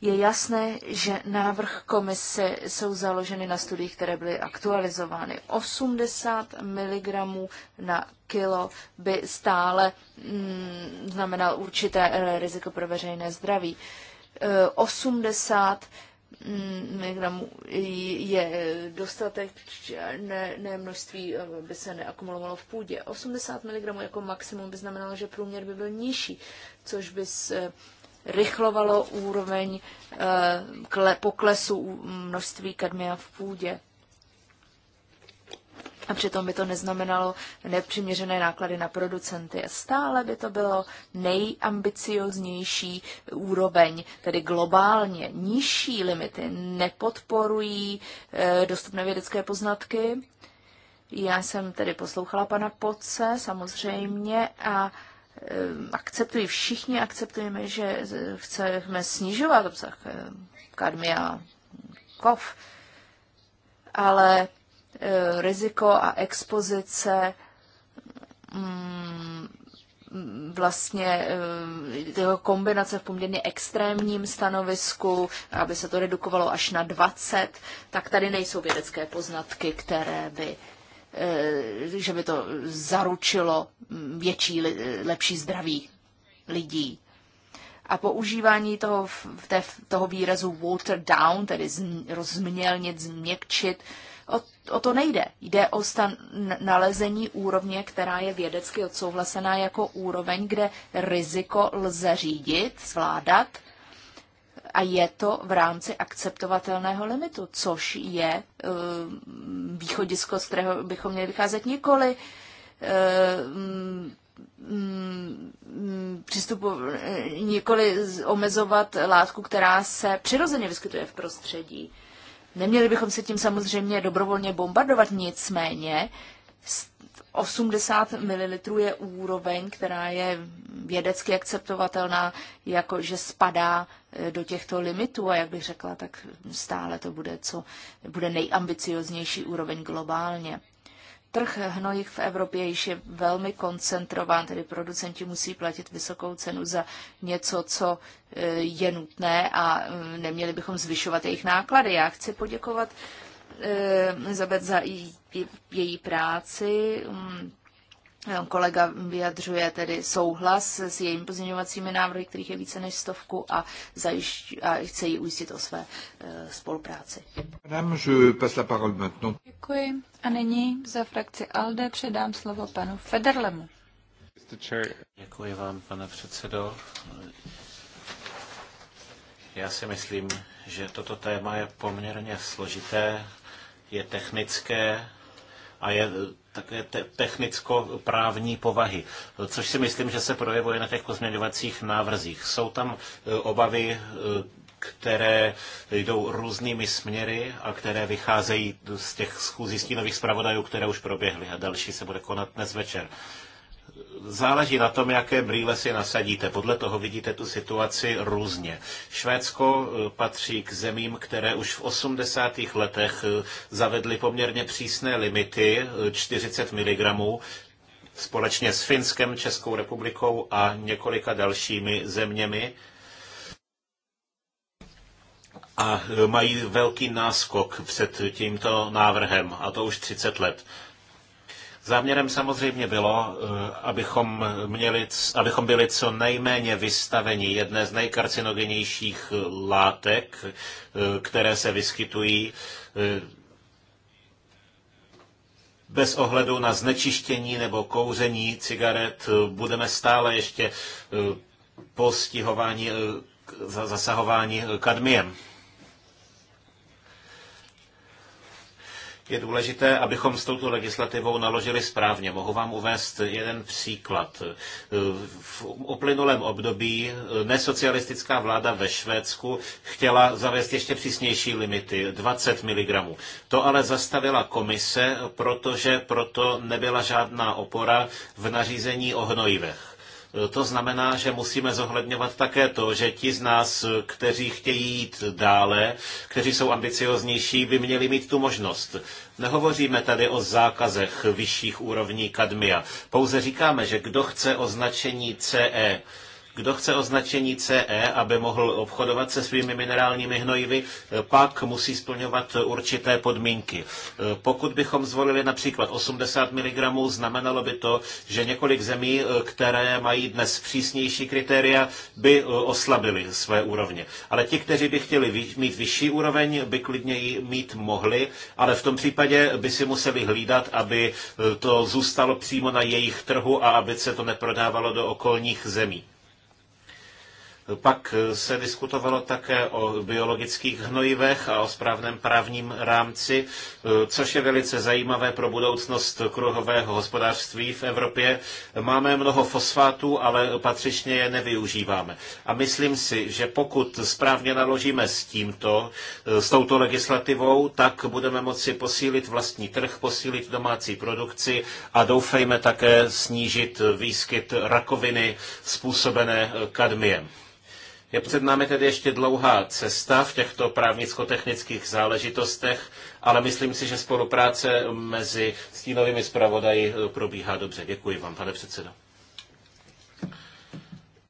Je jasné, že návrh komise jsou založeny na studiích, které byly aktualizovány. 80 mg na kilo by stále mm, znamenal určité riziko pro veřejné zdraví. 80 e, miligramů je dostatek ne, ne množství, by se neakumulovalo v půdě. 80 mg jako maximum by znamenalo, že průměr by byl nižší, což by rychlovalo úroveň eh, poklesu množství kadmia v půdě. A přitom by to neznamenalo nepřiměřené náklady na producenty. Stále by to bylo nejambicioznější úroveň, tedy globálně. Nižší limity nepodporují eh, dostupné vědecké poznatky. Já jsem tedy poslouchala pana Poce samozřejmě a e, eh, akceptují, všichni akceptujeme, že chceme snižovat obsah eh, kadmia, kov, ale Eh, riziko a expozice mm, vlastně toho eh, kombinace v poměrně extrémním stanovisku, aby se to redukovalo až na 20, tak tady nejsou vědecké poznatky, které by eh, že by to zaručilo mm, větší, lepší zdraví lidí. A používání toho, toho výrazu water down, tedy rozmělnit, změkčit, O, o to nejde. Jde o stan- nalezení úrovně, která je vědecky odsouhlasená jako úroveň, kde riziko lze řídit, zvládat a je to v rámci akceptovatelného limitu, což je e, východisko, z kterého bychom měli vycházet nikoli. E, eh, m, mm, mm, eh, nikoli omezovat látku, která se přirozeně vyskytuje v prostředí. Neměli bychom se tím samozřejmě dobrovolně bombardovat, nicméně 80 ml je úroveň, která je vědecky akceptovatelná, jakože spadá eh, do těchto limitů a jak bych řekla, tak stále to bude, co bude nejambicioznější úroveň globálně. Trh hnojiv v Evropě již je velmi koncentrován, tedy producenti musí platit vysokou cenu za něco, co e, je nutné a e, neměli bychom zvyšovat jejich náklady. Já chci poděkovat e, Elizabeth za její práci mm, Kolega vyjadřuje tedy souhlas s jejím pozměňovacími návrhy, kterých je více než stovku a, zajišť, a chce ji ujistit o své e, spolupráci. Madame, je Děkuji a nyní za frakci ALDE předám slovo panu Federlemu. Děkuji vám, pane předsedo. Já si myslím, že toto téma je poměrně složité, je technické, a je eh, také te- technicko-právní povahy, což si myslím, že se projevuje na těch pozměňovacích návrzích. Jsou tam eh, obavy eh, které jdou různými směry a které vycházejí z těch schůzí stínových zpravodajů, které už proběhly a další se bude konat dnes večer. Záleží na tom, jaké brýle si nasadíte. Podle toho vidíte tu situaci různě. Švédsko eh, patří k zemím, které už v 80. letech eh, zavedly poměrně přísné limity 40 eh, mg společně s Finskem, Českou republikou a několika dalšími zeměmi a mají velký náskok před tímto návrhem, a to už 30 let. Záměrem samozřejmě bylo, eh, abychom, měli, abychom byli co nejméně vystaveni jedné z nejkarcinogenějších látek, eh, které se vyskytují eh, bez ohledu na znečištění nebo kouření cigaret budeme stále ještě postihováni zasahování kadmiem. je důležité, abychom s touto legislativou naložili správně. Mohu vám uvést jeden příklad. V uplynulém období nesocialistická vláda ve Švédsku chtěla zavést ještě přísnější limity, 20 mg. To ale zastavila komise, protože proto nebyla žádná opora v nařízení o hnojivech. To znamená, že musíme zohledňovat také to, že ti z nás, kteří chtějí jít dále, kteří jsou ambicioznější, by měli mít tu možnost. Nehovoříme tady o zákazech vyšších úrovní kadmia. Pouze říkáme, že kdo chce označení CE, kdo chce označení CE, aby mohl obchodovat se svými minerálními hnojivy, eh, pak musí splňovat určité podmínky. Eh, pokud bychom zvolili například 80 mg, znamenalo by to, že několik zemí, eh, které mají dnes přísnější kritéria, by oslabily své úrovně. Ale ti, kteří by chtěli mít vyšší úroveň, by klidně ji mít mohli, ale v tom případě by si museli hlídat, aby to zůstalo přímo na jejich trhu a aby se to neprodávalo do okolních zemí. Pak eh, se diskutovalo také o biologických hnojivech a o správném právním rámci, eh, což je velice zajímavé pro budoucnost kruhového hospodářství v Evropě. Máme mnoho fosfátů, ale patřičně je nevyužíváme. A myslím si, že pokud správně naložíme s tímto, eh, s touto legislativou, tak budeme moci posílit vlastní trh, posílit domácí produkci a doufejme také snížit výskyt rakoviny způsobené kadmiem. Je před námi tedy ještě dlouhá cesta v těchto právnicko-technických záležitostech, ale myslím si, že spolupráce mezi stínovými zpravodaji eh, probíhá dobře. Děkuji vám, pane předsedo.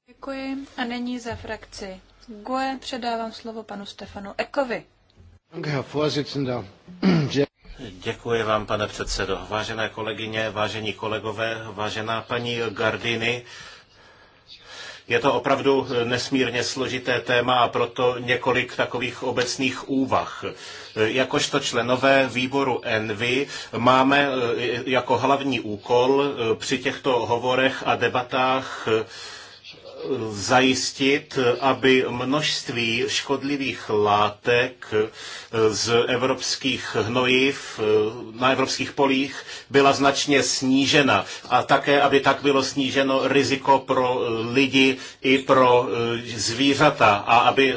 Děkuji a nyní za frakci GUE předávám slovo panu Stefanu Ekovi. Děkuji vám, pane předsedo. Vážené kolegyně, vážení kolegové, vážená paní Gardini. Je to opravdu eh, nesmírně složité téma a proto několik takových obecných úvah. Eh, jakožto členové výboru Envy máme eh, jako hlavní úkol při těchto hovorech a debatách zajistit, aby množství škodlivých látek z evropských hnojiv eh, na evropských polích byla značně snížena a také, aby tak bylo sníženo riziko pro eh, lidi i pro eh, zvířata a aby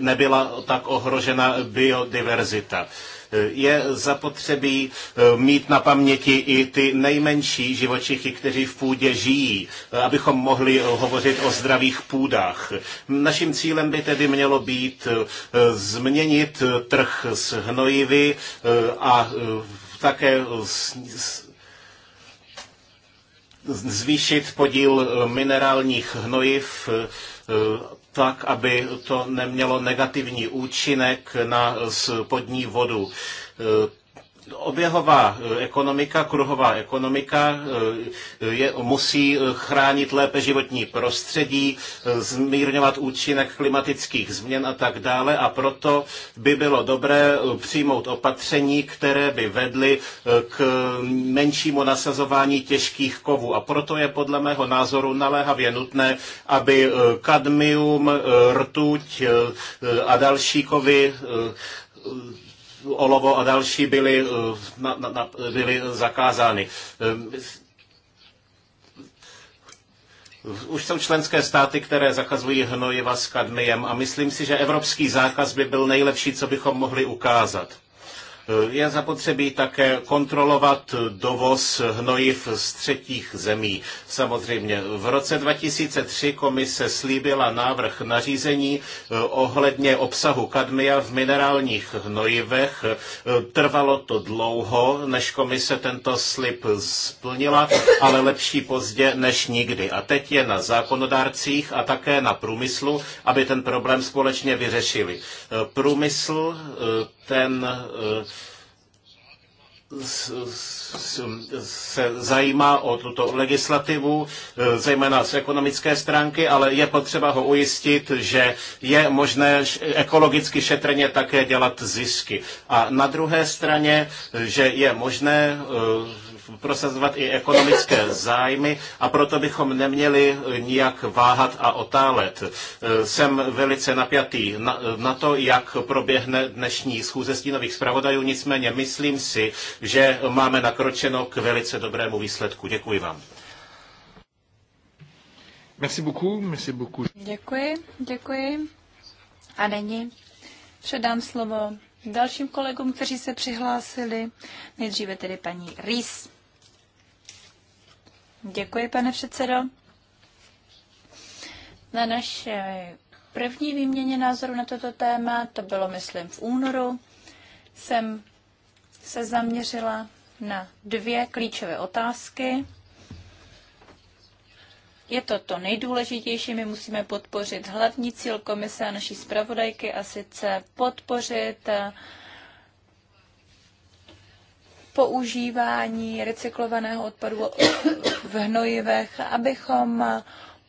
nebyla tak ohrožena biodiverzita. Je zapotřebí eh, mít na paměti i ty nejmenší živočichy, kteří v půdě žijí, eh, abychom mohli hovořit o zdravých půdách. Naším cílem by tedy mělo být eh, změnit trh s hnojivy a také zvýšit podíl minerálních hnojiv tak, aby to nemělo negativní účinek na spodní vodu oběhová eh, ekonomika, kruhová ekonomika eh, je, musí eh, chránit lépe životní prostředí, zmírňovat účinek klimatických změn a tak dále a proto by bylo dobré přijmout opatření, které by vedly k menšímu nasazování těžkých kovů a proto je podle mého názoru naléhavě nutné, aby kadmium, rtuť a další kovy olovo a další byly, eh, na, na, na, byly zakázány. Eh, už jsou členské státy, které zakazují hnojiva s kadmiem a myslím si, že evropský zákaz by byl nejlepší, co bychom mohli ukázat. Je zapotřebí také kontrolovat dovoz hnojiv z třetích zemí. Samozřejmě v roce 2003 komise slíbila návrh nařízení eh, ohledně obsahu kadmia v minerálních hnojivech. Eh, trvalo to dlouho, než komise tento slib splnila, ale lepší pozdě než nikdy. A teď je na zákonodárcích a také na průmyslu, aby ten problém společně vyřešili. Eh, průmysl ten eh, se zajímá o tuto legislativu, eh, zejména z ekonomické stránky, ale je potřeba ho ujistit, že je možné ekologicky šetrně také dělat zisky. A na druhé straně, eh, že je možné prosazovat i ekonomické zájmy a proto bychom neměli nijak váhat a otálet. E, jsem velice napjatý na, na to, jak proběhne dnešní schůze stínových zpravodajů, nicméně myslím si, že máme nakročeno k velice dobrému výsledku. Děkuji vám. Merci beaucoup, merci beaucoup. Děkuji, děkuji. A nyní Předám slovo dalším kolegům, kteří se přihlásili. Nejdříve tedy paní Rýs. Děkuji, pane předsedo. Na naše první výměně názoru na toto téma, to bylo, myslím, v únoru, jsem se zaměřila na dvě klíčové otázky. Je to to nejdůležitější, my musíme podpořit hlavní cíl komise a naší zpravodajky a sice podpořit používání recyklovaného odpadu v hnojivech, abychom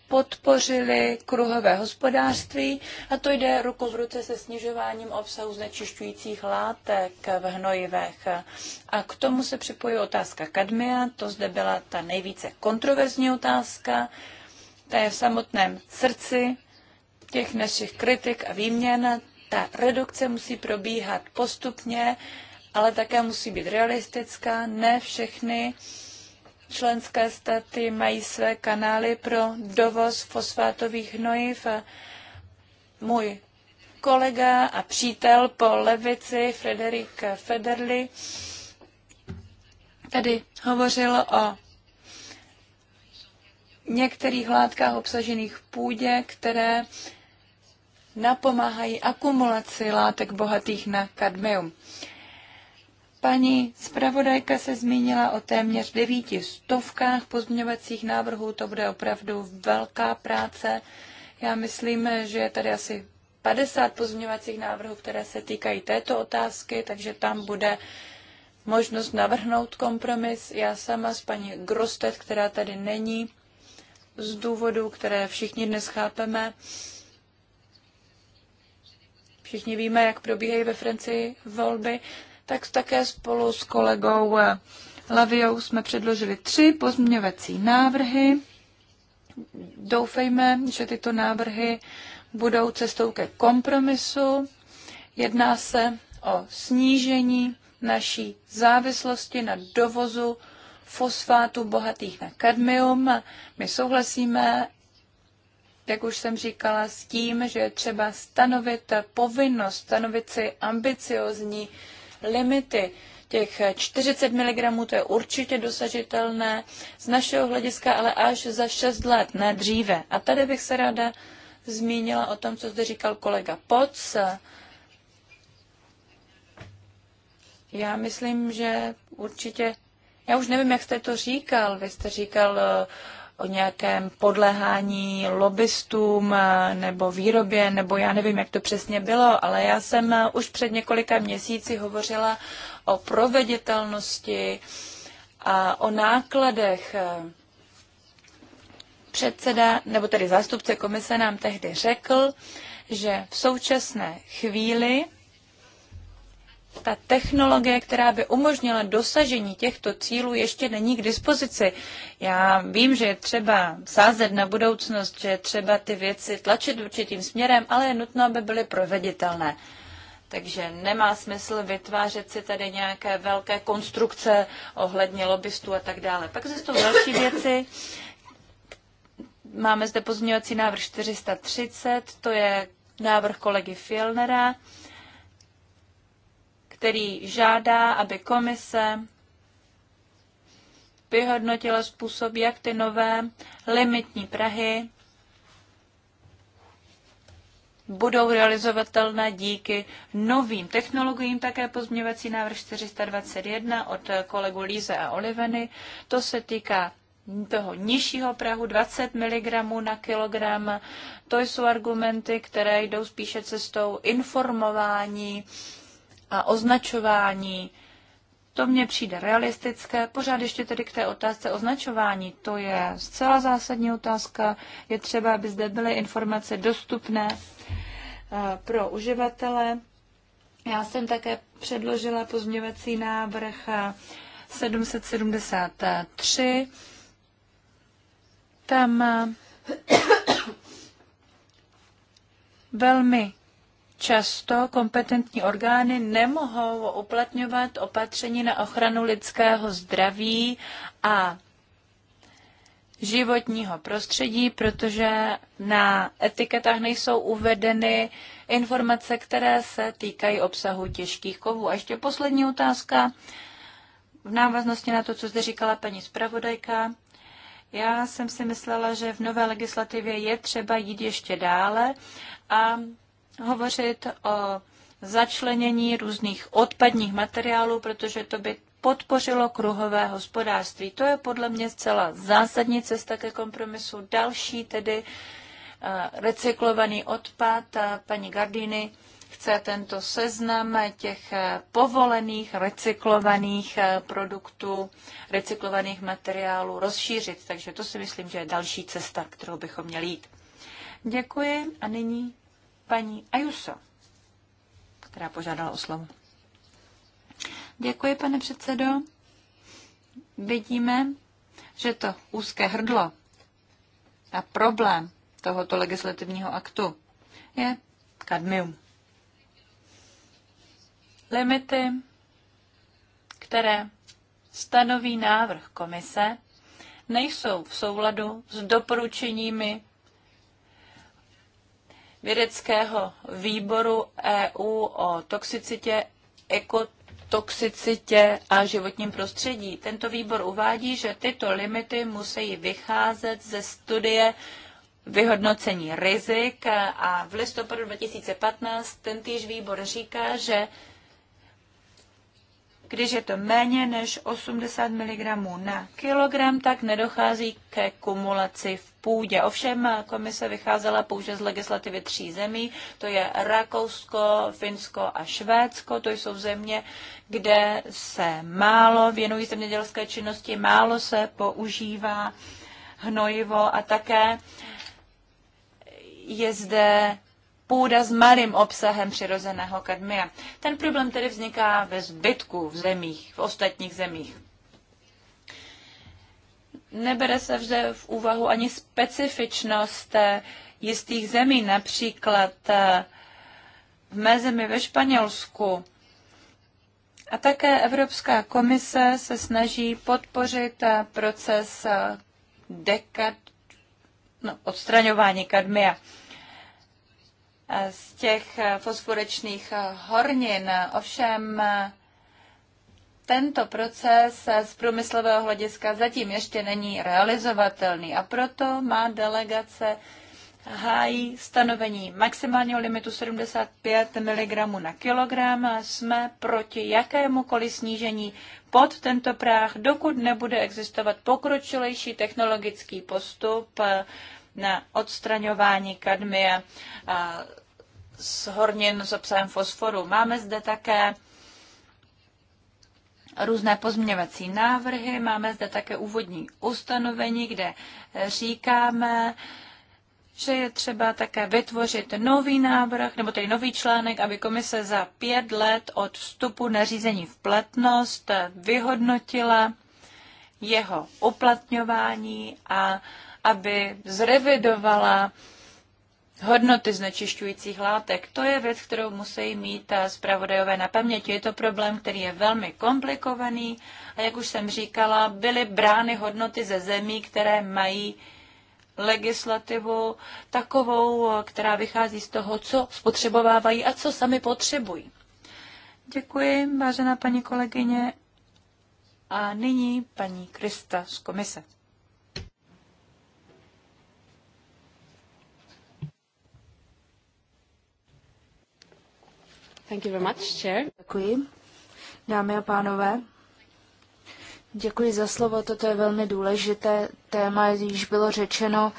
podpořili kruhové hospodářství a to jde ruku v ruce se snižováním obsahu znečišťujících látek v hnojivech. A k tomu se připojuje otázka kadmia, to zde byla ta nejvíce kontroverzní otázka, ta je v samotném srdci těch našich kritik a výměn. Ta redukce musí probíhat postupně, ale také musí být realistická. Ne všechny členské státy mají své kanály pro dovoz fosfátových hnojiv. Můj kolega a přítel po levici Frederik Federli tady hovořil o některých látkách obsažených v půdě, které napomáhají akumulaci látek bohatých na kadmium. Paní zpravodajka se zmínila o téměř devíti stovkách pozměňovacích návrhů. To bude opravdu velká práce. Já myslím, že je tady asi 50 pozměňovacích návrhů, které se týkají této otázky, takže tam bude možnost navrhnout kompromis. Já sama s paní Grostet, která tady není, z důvodu, které všichni dnes chápeme. Všichni víme, jak probíhají ve Francii volby tak také spolu s kolegou eh, Laviou jsme předložili tři pozměňovací návrhy. Doufejme, že tyto návrhy budou cestou ke kompromisu. Jedná se o snížení naší závislosti na dovozu fosfátů bohatých na kadmium. My souhlasíme, jak už jsem říkala, s tím, že je třeba stanovit povinnost, stanovit si ambiciozní limity. Těch 40 mg to je určitě dosažitelné z našeho hlediska, ale až za 6 let, ne dříve. A tady bych se ráda zmínila o tom, co zde říkal kolega Poc. Já myslím, že určitě, já už nevím, jak jste to říkal, vy jste říkal uh, o nějakém podlehání lobbystům eh, nebo výrobě, nebo já nevím, jak to přesně bylo, ale já jsem eh, už před několika měsíci hovořila o proveditelnosti a o nákladech. Předseda, nebo tedy zástupce komise nám tehdy řekl, že v současné chvíli ta technologie, která by umožnila dosažení těchto cílů, ještě není k dispozici. Já vím, že je třeba sázet na budoucnost, že je třeba ty věci tlačit určitým směrem, ale je nutno, aby byly proveditelné. Takže nemá smysl vytvářet si tady nějaké velké konstrukce ohledně lobbystů a tak dále. Pak existují další věci. Máme zde pozměňovací návrh 430, to je návrh kolegy Fielnera který žádá, aby komise vyhodnotila způsob, jak ty nové limitní Prahy budou realizovatelné díky novým technologiím, také pozměvací návrh 421 od kolegu Líze a Oliveny. To se týká toho nižšího prahu 20 mg na kilogram. To jsou argumenty, které jdou spíše cestou informování a označování. To mně přijde realistické. Pořád ještě tedy k té otázce označování. To je zcela zásadní otázka. Je třeba, aby zde byly informace dostupné eh, pro uživatele. Já jsem také předložila pozměvací návrh 773. Tam eh, (coughs) velmi často kompetentní orgány nemohou uplatňovat opatření na ochranu lidského zdraví a životního prostředí, protože na etiketách nejsou uvedeny informace, které se týkají obsahu těžkých kovů. A ještě poslední otázka v návaznosti na to, co zde říkala paní zpravodajka. Já jsem si myslela, že v nové legislativě je třeba jít ještě dále a hovořit o začlenění různých odpadních materiálů, protože to by podpořilo kruhové hospodářství. To je podle mě zcela zásadní cesta ke kompromisu. Další tedy eh, recyklovaný odpad. Eh, paní Gardiny chce tento seznam těch eh, povolených recyklovaných produktů, recyklovaných materiálů rozšířit. Takže to si myslím, že je další cesta, kterou bychom měli jít. Děkuji a nyní paní Ajuso, která požádala o slovo. Děkuji, pane předsedo. Vidíme, že to úzké hrdlo a problém tohoto legislativního aktu je kadmium. Limity, které stanoví návrh komise, nejsou v souladu s doporučeními vědeckého výboru EU o toxicitě, ekotoxicitě a životním prostředí. Tento výbor uvádí, že tyto limity musí vycházet ze studie vyhodnocení rizik a v listopadu 2015 tentýž výbor říká, že když je to méně než 80 mg na kilogram, tak nedochází ke kumulaci půdě. Ovšem komise vycházela pouze z legislativy tří zemí, to je Rakousko, Finsko a Švédsko, to jsou země, kde se málo věnují zemědělské činnosti, málo se používá hnojivo a také je zde půda s malým obsahem přirozeného kadmia. Ten problém tedy vzniká ve zbytku v zemích, v ostatních zemích nebere se vždy v úvahu ani specifičnost eh, jistých zemí, například eh, v mé zemi ve Španělsku. A také Evropská komise se snaží podpořit eh, proces dekad, no, odstraňování kadmia z těch fosforečných hornin. Ovšem tento proces z průmyslového hlediska zatím ještě není realizovatelný a proto má delegace hájí stanovení maximálního limitu 75 mg na kilogram. Jsme proti jakémukoliv snížení pod tento práh, dokud nebude existovat pokročilejší technologický postup na odstraňování kadmia z hornin s obsahem fosforu. Máme zde také různé pozměňovací návrhy. Máme zde také úvodní ustanovení, kde eh, říkáme, že je třeba také vytvořit nový návrh, nebo tedy nový článek, aby komise za pět let od vstupu nařízení v platnost eh, vyhodnotila jeho uplatňování a aby zrevidovala hodnoty znečišťujících látek. To je věc, kterou musí mít eh, zpravodajové na paměti. Je to problém, který je velmi komplikovaný a jak už jsem říkala, byly brány hodnoty ze zemí, které mají legislativu takovou, eh, která vychází z toho, co spotřebovávají a co sami potřebují. Děkuji, vážená paní kolegyně. A nyní paní Krista z komise. Děkuji. Dámy a pánové, děkuji za slovo. Toto je velmi důležité téma, již bylo řečeno.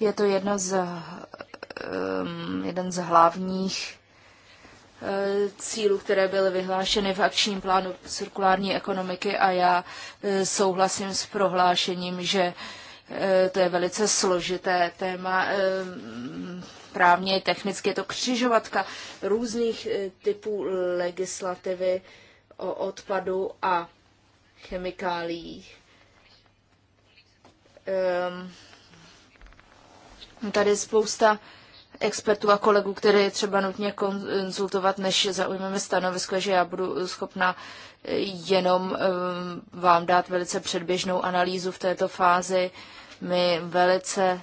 Je to jedno z, um, jeden z hlavních eh, cílů, které byly vyhlášeny v akčním plánu cirkulární ekonomiky a já eh, souhlasím s prohlášením, že eh, to je velice složité téma. Ehm, právně i technicky. Je to křižovatka různých e, typů legislativy o odpadu a chemikáliích. Um, tady je spousta expertů a kolegů, které je třeba nutně konzultovat, než zaujmeme stanovisko, že já budu schopna jenom ehm, vám dát velice předběžnou analýzu v této fázi. My velice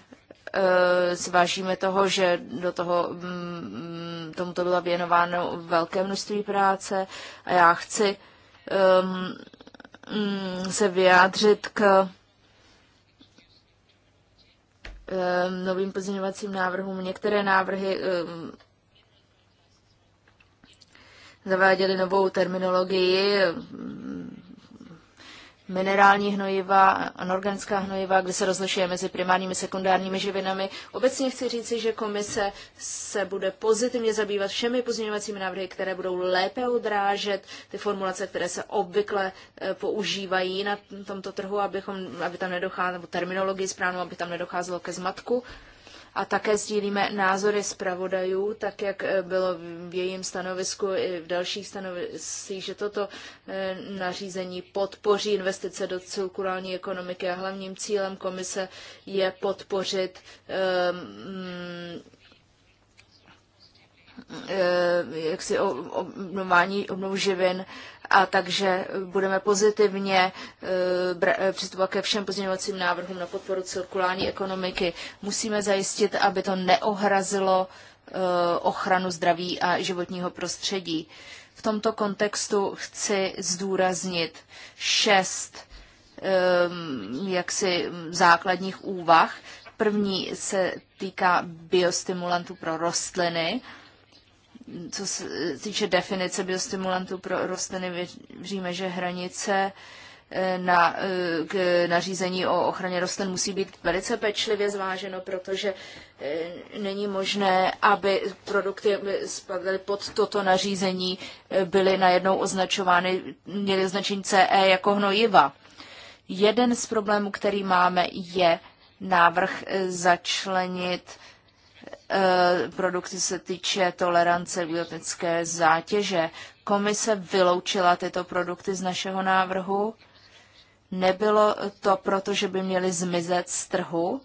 Eh, zvážíme toho, že do toho, mm, tomuto bylo věnováno velké množství práce a já chci um, se vyjádřit k um, novým pozměňovacím návrhům. Některé návrhy um, zaváděly novou terminologii, um, minerální hnojiva anorganická hnojiva, kde se rozlišuje mezi primárními a sekundárními živinami. Obecně chci říci, že komise se bude pozitivně zabývat všemi pozměňovacími návrhy, které budou lépe odrážet ty formulace, které se obvykle eh, používají na tomto trhu, abychom, aby tam nedocházelo, nebo terminologii správnou, aby tam nedocházelo ke zmatku. A také sdílíme názory zpravodajů, tak jak eh, bylo v jejím stanovisku i v dalších stanoviscích, že toto eh, nařízení podpoří investice do cirkulární ekonomiky a hlavním cílem komise je podpořit um, jak si obnovu živin a takže budeme pozitivně eh, eh, přistupovat ke všem pozměňovacím návrhům na podporu cirkulární ekonomiky. Musíme zajistit, aby to neohrazilo eh, ochranu zdraví a životního prostředí. V tomto kontextu chci zdůraznit šest jaksi základních úvah. První se týká biostimulantů pro rostliny co se týče definice biostimulantů pro rostliny, víme, že hranice eh, na, eh, k nařízení o ochraně rostlin musí být velice pečlivě zváženo, protože eh, není možné, aby produkty spadly pod toto nařízení, byly najednou označovány, měly označení CE jako hnojiva. Jeden z problémů, který máme, je návrh začlenit Eh, produkty se týče tolerance biotické zátěže. Komise vyloučila tyto produkty z našeho návrhu. Nebylo to proto, že by měly zmizet z trhu,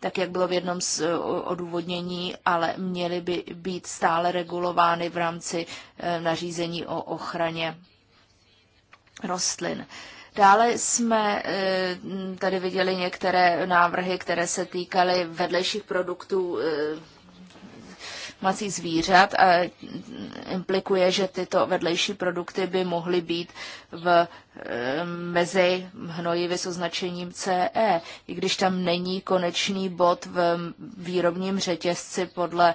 tak jak bylo v jednom z eh, odůvodnění, ale měly by být stále regulovány v rámci eh, nařízení o ochraně rostlin. Dále jsme eh, tady viděli některé návrhy, které se týkaly vedlejších produktů eh, domácích zvířat a implikuje, že tyto vedlejší produkty by mohly být v, eh, mezi hnojivy s označením CE, i když tam není konečný bod v výrobním řetězci podle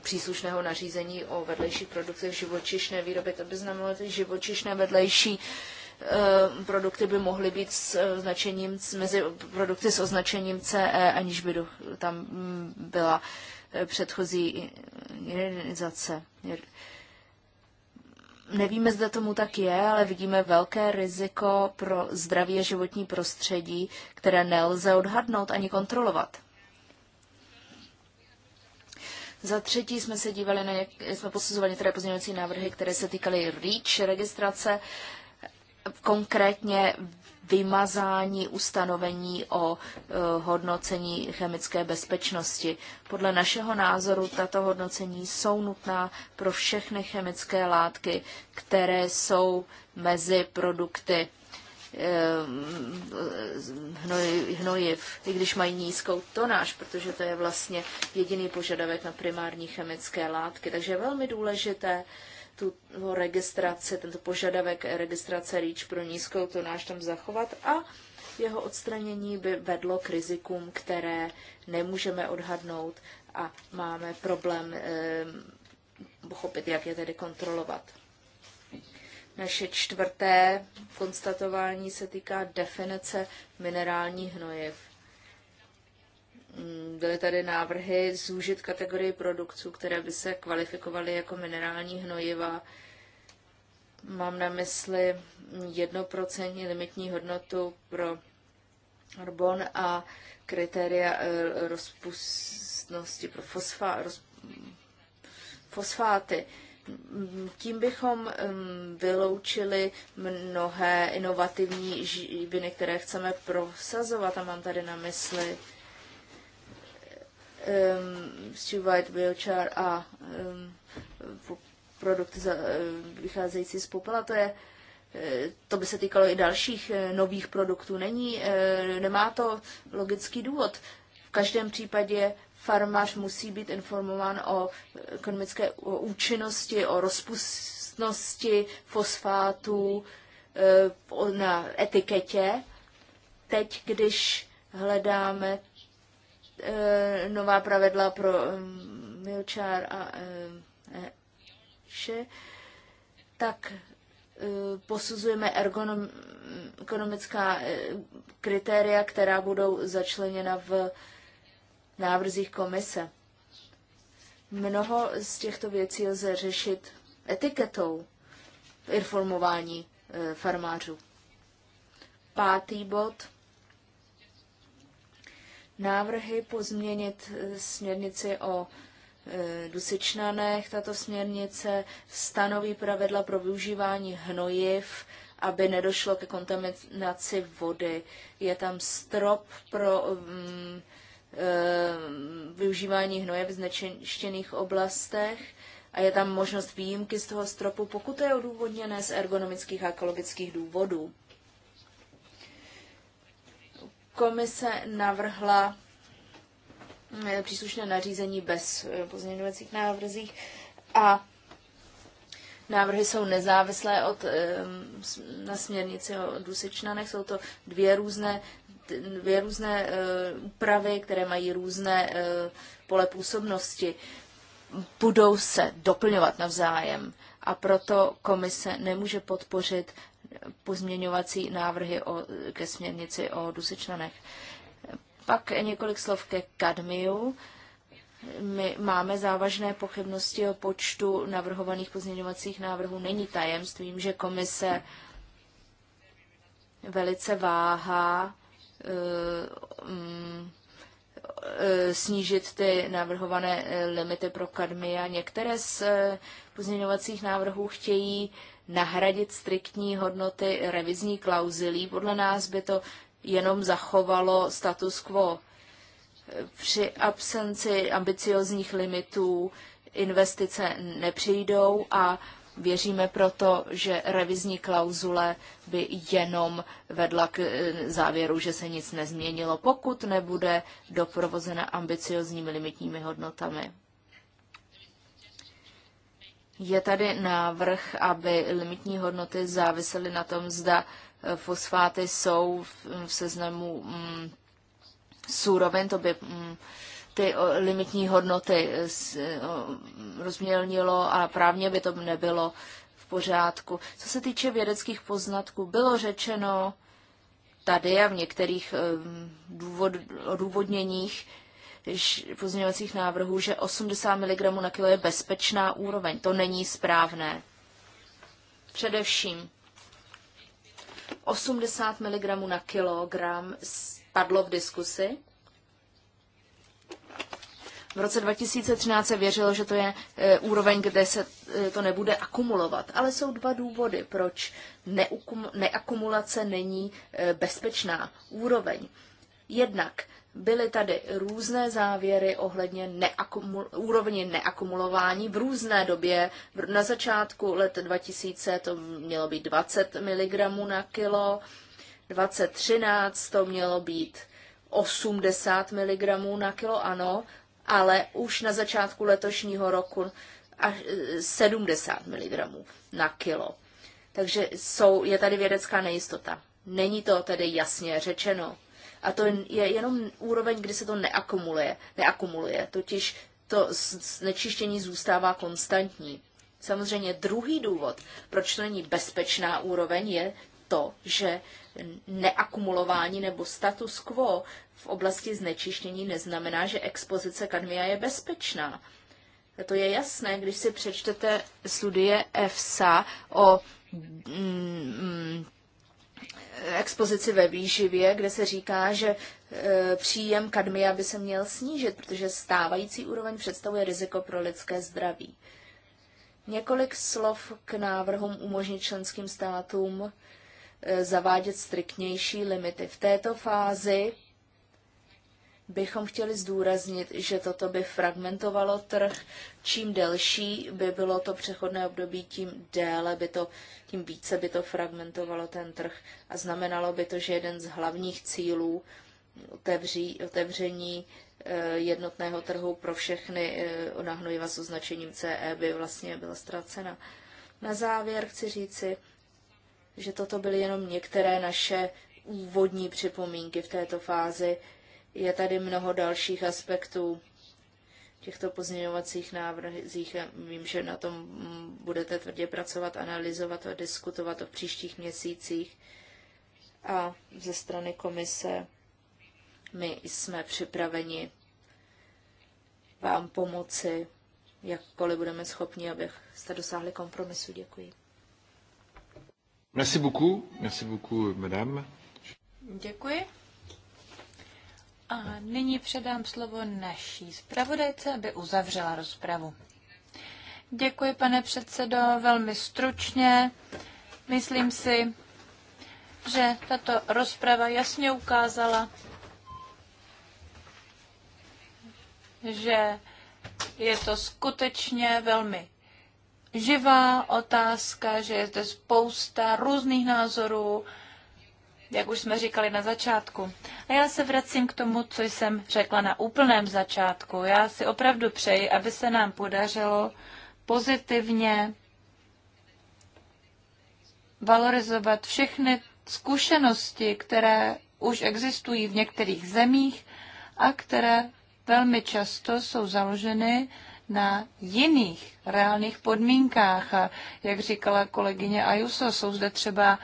příslušného nařízení o vedlejších produktech živočišné výroby. To by znamenalo, že živočišné vedlejší Eh, produkty by mohly být s označením, eh, mezi produkty s označením CE, aniž by tam mm, byla eh, předchozí irinizace. Nevíme, zda tomu tak je, ale vidíme velké riziko pro zdraví a životní prostředí, které nelze odhadnout ani kontrolovat. Za třetí jsme se dívali na jsme posuzovali některé pozměňovací návrhy, které se týkaly REACH, registrace konkrétně vymazání ustanovení o eh, hodnocení chemické bezpečnosti. Podle našeho názoru tato hodnocení jsou nutná pro všechny chemické látky, které jsou mezi produkty eh, hnojiv, i když mají nízkou tonáž, protože to je vlastně jediný požadavek na primární chemické látky. Takže je velmi důležité tuto registraci, tento požadavek registrace REACH pro nízkou tonáž tam zachovat a jeho odstranění by vedlo k rizikům, které nemůžeme odhadnout a máme problém ehm, pochopit, jak je tedy kontrolovat. Naše čtvrté konstatování se týká definice minerálních hnojiv. Mm, byly tady návrhy zúžit kategorii produktů, které by se kvalifikovaly jako minerální hnojiva. Mám na mysli jednoprocentní limitní hodnotu pro arbon a kritéria eh, rozpustnosti pro fosfa, roz, fosfáty. Mm, tím bychom mm, vyloučili mnohé inovativní živiny, které chceme prosazovat a mám tady na mysli um, Stu White Wheelchair a um, produkty za, eh, vycházející z popela, to je eh, to by se týkalo i dalších eh, nových produktů. Není, nemá to logický důvod. V každém případě farmář musí být informován o ekonomické o účinnosti, o rozpustnosti fosfátů na etiketě. Teď, když hledáme e, nová pravidla pro e, Milčár a e, e, tak e, posuzujeme ergonom, ekonomická e, kritéria, která budou začleněna v návrzích komise. Mnoho z těchto věcí lze řešit etiketou v informování farmářů. Pátý bod – návrhy pozměnit eh, směrnici o eh, dusičnanech. Tato směrnice stanoví pravidla pro využívání hnojiv, aby nedošlo ke kontaminaci vody. Je tam strop pro um, využívání hnoje v znečištěných oblastech a je tam možnost výjimky z toho stropu, pokud je odůvodněné z ergonomických a ekologických důvodů. Komise navrhla eh, příslušné nařízení bez eh, pozměňovacích návrzích a návrhy jsou nezávislé od, ehm, na směrnici o dusičnanech. Jsou to dvě různé, dvě různé eh, úpravy, které mají různé pole působnosti. Budou se doplňovat navzájem a proto komise nemůže podpořit pozměňovací návrhy o, ke směrnici o dusičnanech. Pak několik slov ke kadmiu. My máme závažné pochybnosti o počtu navrhovaných pozměňovacích návrhů. Není tajemstvím, že komise velice váhá eh, mm, eh, snížit ty navrhované eh, limity pro kadmia. Některé z pozměňovacích návrhů chtějí nahradit striktní hodnoty revizní klauzilí. Podle nás by to jenom zachovalo status quo. Při absenci ambiciozních limitů investice nepřijdou a Věříme proto, že revizní klauzule by jenom vedla k eh, závěru, že se nic nezměnilo, pokud nebude doprovozena ambiciozními limitními hodnotami. Je tady návrh, aby limitní hodnoty závisely na tom, zda eh, fosfáty jsou v seznamu mm, surovin, to by mm, ty limitní hodnoty eh, eh, rozmělnilo a právně by to nebylo v pořádku. Co se týče vědeckých poznatků, bylo řečeno tady a v některých důvod, odůvodněních, pozměňovacích návrhů, že 80 mg na kilo je bezpečná úroveň. To není správné. Především 80 mg na kilogram padlo v diskusi. V roce 2013 se věřilo, že to je e, úroveň, kde se e, to nebude akumulovat. Ale jsou dva důvody, proč neakumulace není e, bezpečná úroveň. Jednak Byly tady různé závěry ohledně neakumul- úrovně neakumulování v různé době. Na začátku let 2000 to mělo být 20 mg na kilo, 2013 to mělo být 80 mg na kilo, ano, ale už na začátku letošního roku až 70 e, mg na kilo. Takže jsou, je tady vědecká nejistota. Není to tedy jasně řečeno. A to je jenom úroveň, kdy se to neakumuluje. neakumuluje. Totiž to znečištění zůstává konstantní. Samozřejmě druhý důvod, proč to není bezpečná úroveň, je to, že neakumulování nebo status quo v oblasti znečištění neznamená, že expozice kadmia je bezpečná. A to je jasné, když si přečtete studie EFSA o mm, expozici ve výživě, kde se říká, že e, příjem kadmia by se měl snížit, protože stávající úroveň představuje riziko pro lidské zdraví. Několik slov k návrhům umožnit členským státům e, zavádět striktnější limity. V této fázi bychom chtěli zdůraznit, že toto by fragmentovalo trh. Čím delší by bylo to přechodné období, tím déle by to, tím více by to fragmentovalo ten trh. A znamenalo by to, že jeden z hlavních cílů otevří, otevření eh, jednotného trhu pro všechny eh, na hnojiva s označením CE by vlastně byla ztracena. Na závěr chci říci, že toto byly jenom některé naše úvodní připomínky v této fázi. Je tady mnoho dalších aspektů těchto pozměňovacích návrzích. Vím, že na tom budete tvrdě pracovat, analyzovat a diskutovat o příštích měsících. A ze strany komise my jsme připraveni vám pomoci, jakkoliv budeme schopni, abyste dosáhli kompromisu. Děkuji. Merci beaucoup, merci beaucoup, madame. Děkuji. A nyní předám slovo naší zpravodajce, aby uzavřela rozpravu. Děkuji, pane předsedo, velmi stručně. Myslím si, že tato rozprava jasně ukázala, že je to skutečně velmi živá otázka, že je zde spousta různých názorů, jak už jsme říkali na začátku. A já se vracím k tomu, co jsem řekla na úplném začátku. Já si opravdu přeji, aby se nám podařilo pozitivně valorizovat všechny zkušenosti, které už existují v některých zemích a které velmi často jsou založeny na jiných reálných podmínkách. A jak říkala kolegyně Ayuso, jsou zde třeba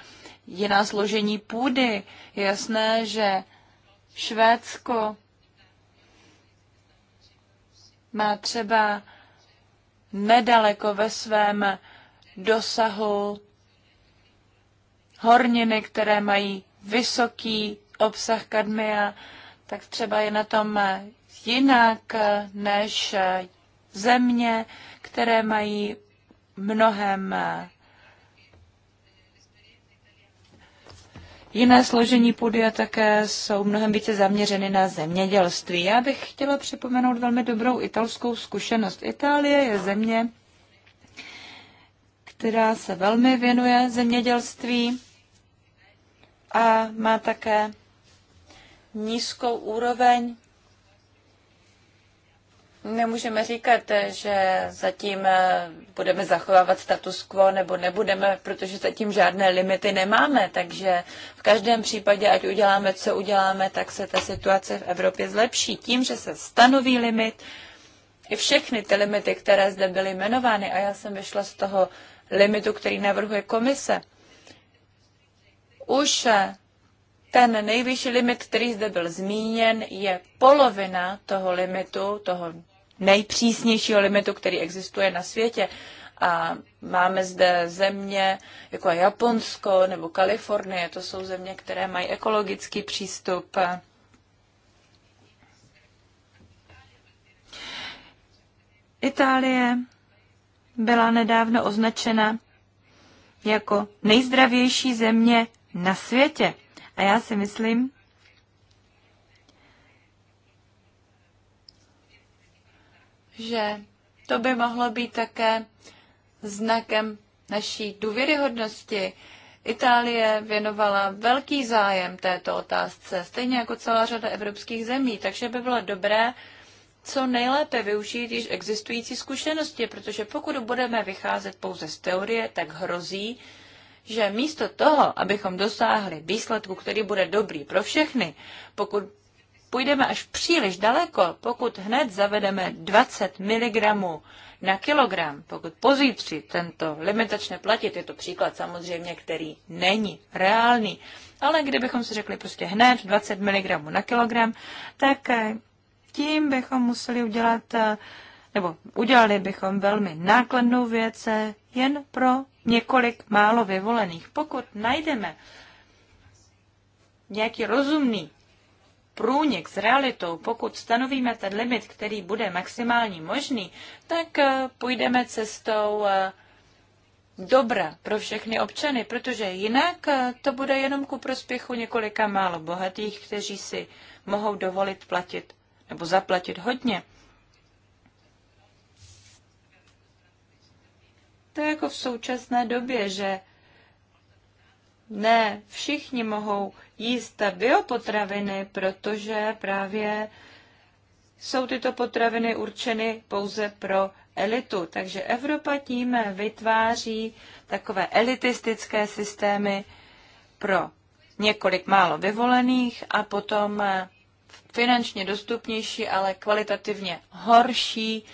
jiná složení půdy. Je jasné, že Švédsko má třeba nedaleko ve svém dosahu horniny, které mají vysoký obsah kadmia, tak třeba je na tom jinak než země, které mají mnohem Jiné složení půdy a také jsou mnohem více zaměřeny na zemědělství. Já bych chtěla připomenout velmi dobrou italskou zkušenost. Itálie je země, která se velmi věnuje zemědělství a má také nízkou úroveň Nemůžeme říkat, že zatím eh, budeme zachovávat status quo nebo nebudeme, protože zatím žádné limity nemáme, takže v každém případě, ať uděláme, co uděláme, tak se ta situace v Evropě zlepší. Tím, že se stanoví limit, i všechny ty limity, které zde byly jmenovány, a já jsem vyšla z toho limitu, který navrhuje komise, už eh, ten nejvyšší limit, který zde byl zmíněn, je polovina toho limitu, toho nejpřísnějšího limitu, který existuje na světě. A máme zde země jako Japonsko nebo Kalifornie, to jsou země, které mají ekologický přístup. Itálie byla nedávno označena jako nejzdravější země na světě. A já si myslím, že to by mohlo být také znakem naší důvěryhodnosti. Itálie věnovala velký zájem této otázce, stejně jako celá řada evropských zemí, takže by bylo dobré co nejlépe využít již existující zkušenosti, protože pokud budeme vycházet pouze z teorie, tak hrozí, že místo toho, abychom dosáhli výsledku, který bude dobrý pro všechny, pokud půjdeme až příliš daleko, pokud hned zavedeme 20 mg na kilogram, pokud pozítří tento limit začne platit, je to příklad samozřejmě, který není reálný, ale kdybychom si řekli prostě hned 20 mg na kilogram, tak eh, tím bychom museli udělat, eh, nebo udělali bychom velmi nákladnou věc eh, jen pro několik málo vyvolených. Pokud najdeme nějaký rozumný průnik s realitou, pokud stanovíme ten limit, který bude maximální možný, tak eh, půjdeme cestou eh, dobra pro všechny občany, protože jinak eh, to bude jenom ku prospěchu několika málo bohatých, kteří si mohou dovolit platit nebo zaplatit hodně. To je jako v současné době, že ne všichni mohou jíst biopotraviny, protože právě jsou tyto potraviny určeny pouze pro elitu. Takže Evropa tím vytváří takové elitistické systémy pro několik málo vyvolených a potom finančně dostupnější, ale kvalitativně horší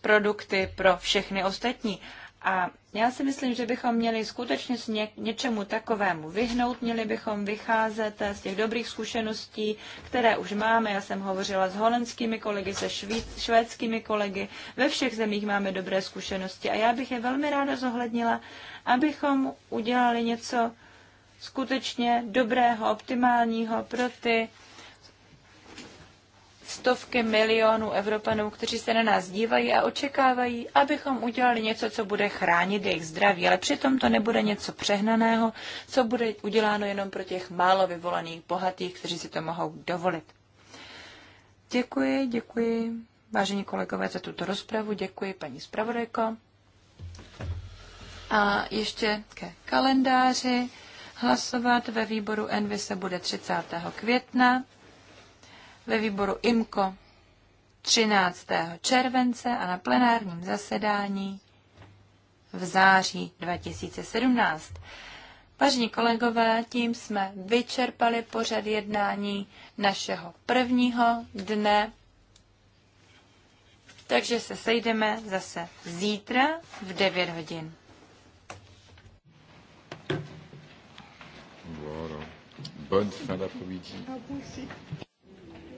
produkty pro všechny ostatní. A já si myslím, že bychom měli skutečně s ně, něčemu takovému vyhnout, měli bychom vycházet z těch dobrých zkušeností, které už máme. Já jsem hovořila s holandskými kolegy, se švédskými kolegy. Ve všech zemích máme dobré zkušenosti a já bych je velmi ráda zohlednila, abychom udělali něco skutečně dobrého, optimálního pro ty stovky milionů Evropanů, kteří se na nás dívají a očekávají, abychom udělali něco, co bude chránit jejich zdraví, ale přitom to nebude něco přehnaného, co bude uděláno jenom pro těch málo vyvolených bohatých, kteří si to mohou dovolit. Děkuji, děkuji, vážení kolegové, za tuto rozpravu, děkuji, paní zpravodajko. A ještě ke kalendáři. Hlasovat ve výboru Envy se bude 30. května ve výboru IMKO 13. července a na plenárním zasedání v září 2017. Vážení kolegové, tím jsme vyčerpali pořad jednání našeho prvního dne, takže se sejdeme zase zítra v 9 hodin. Voilà. Bonne fin d'après-midi.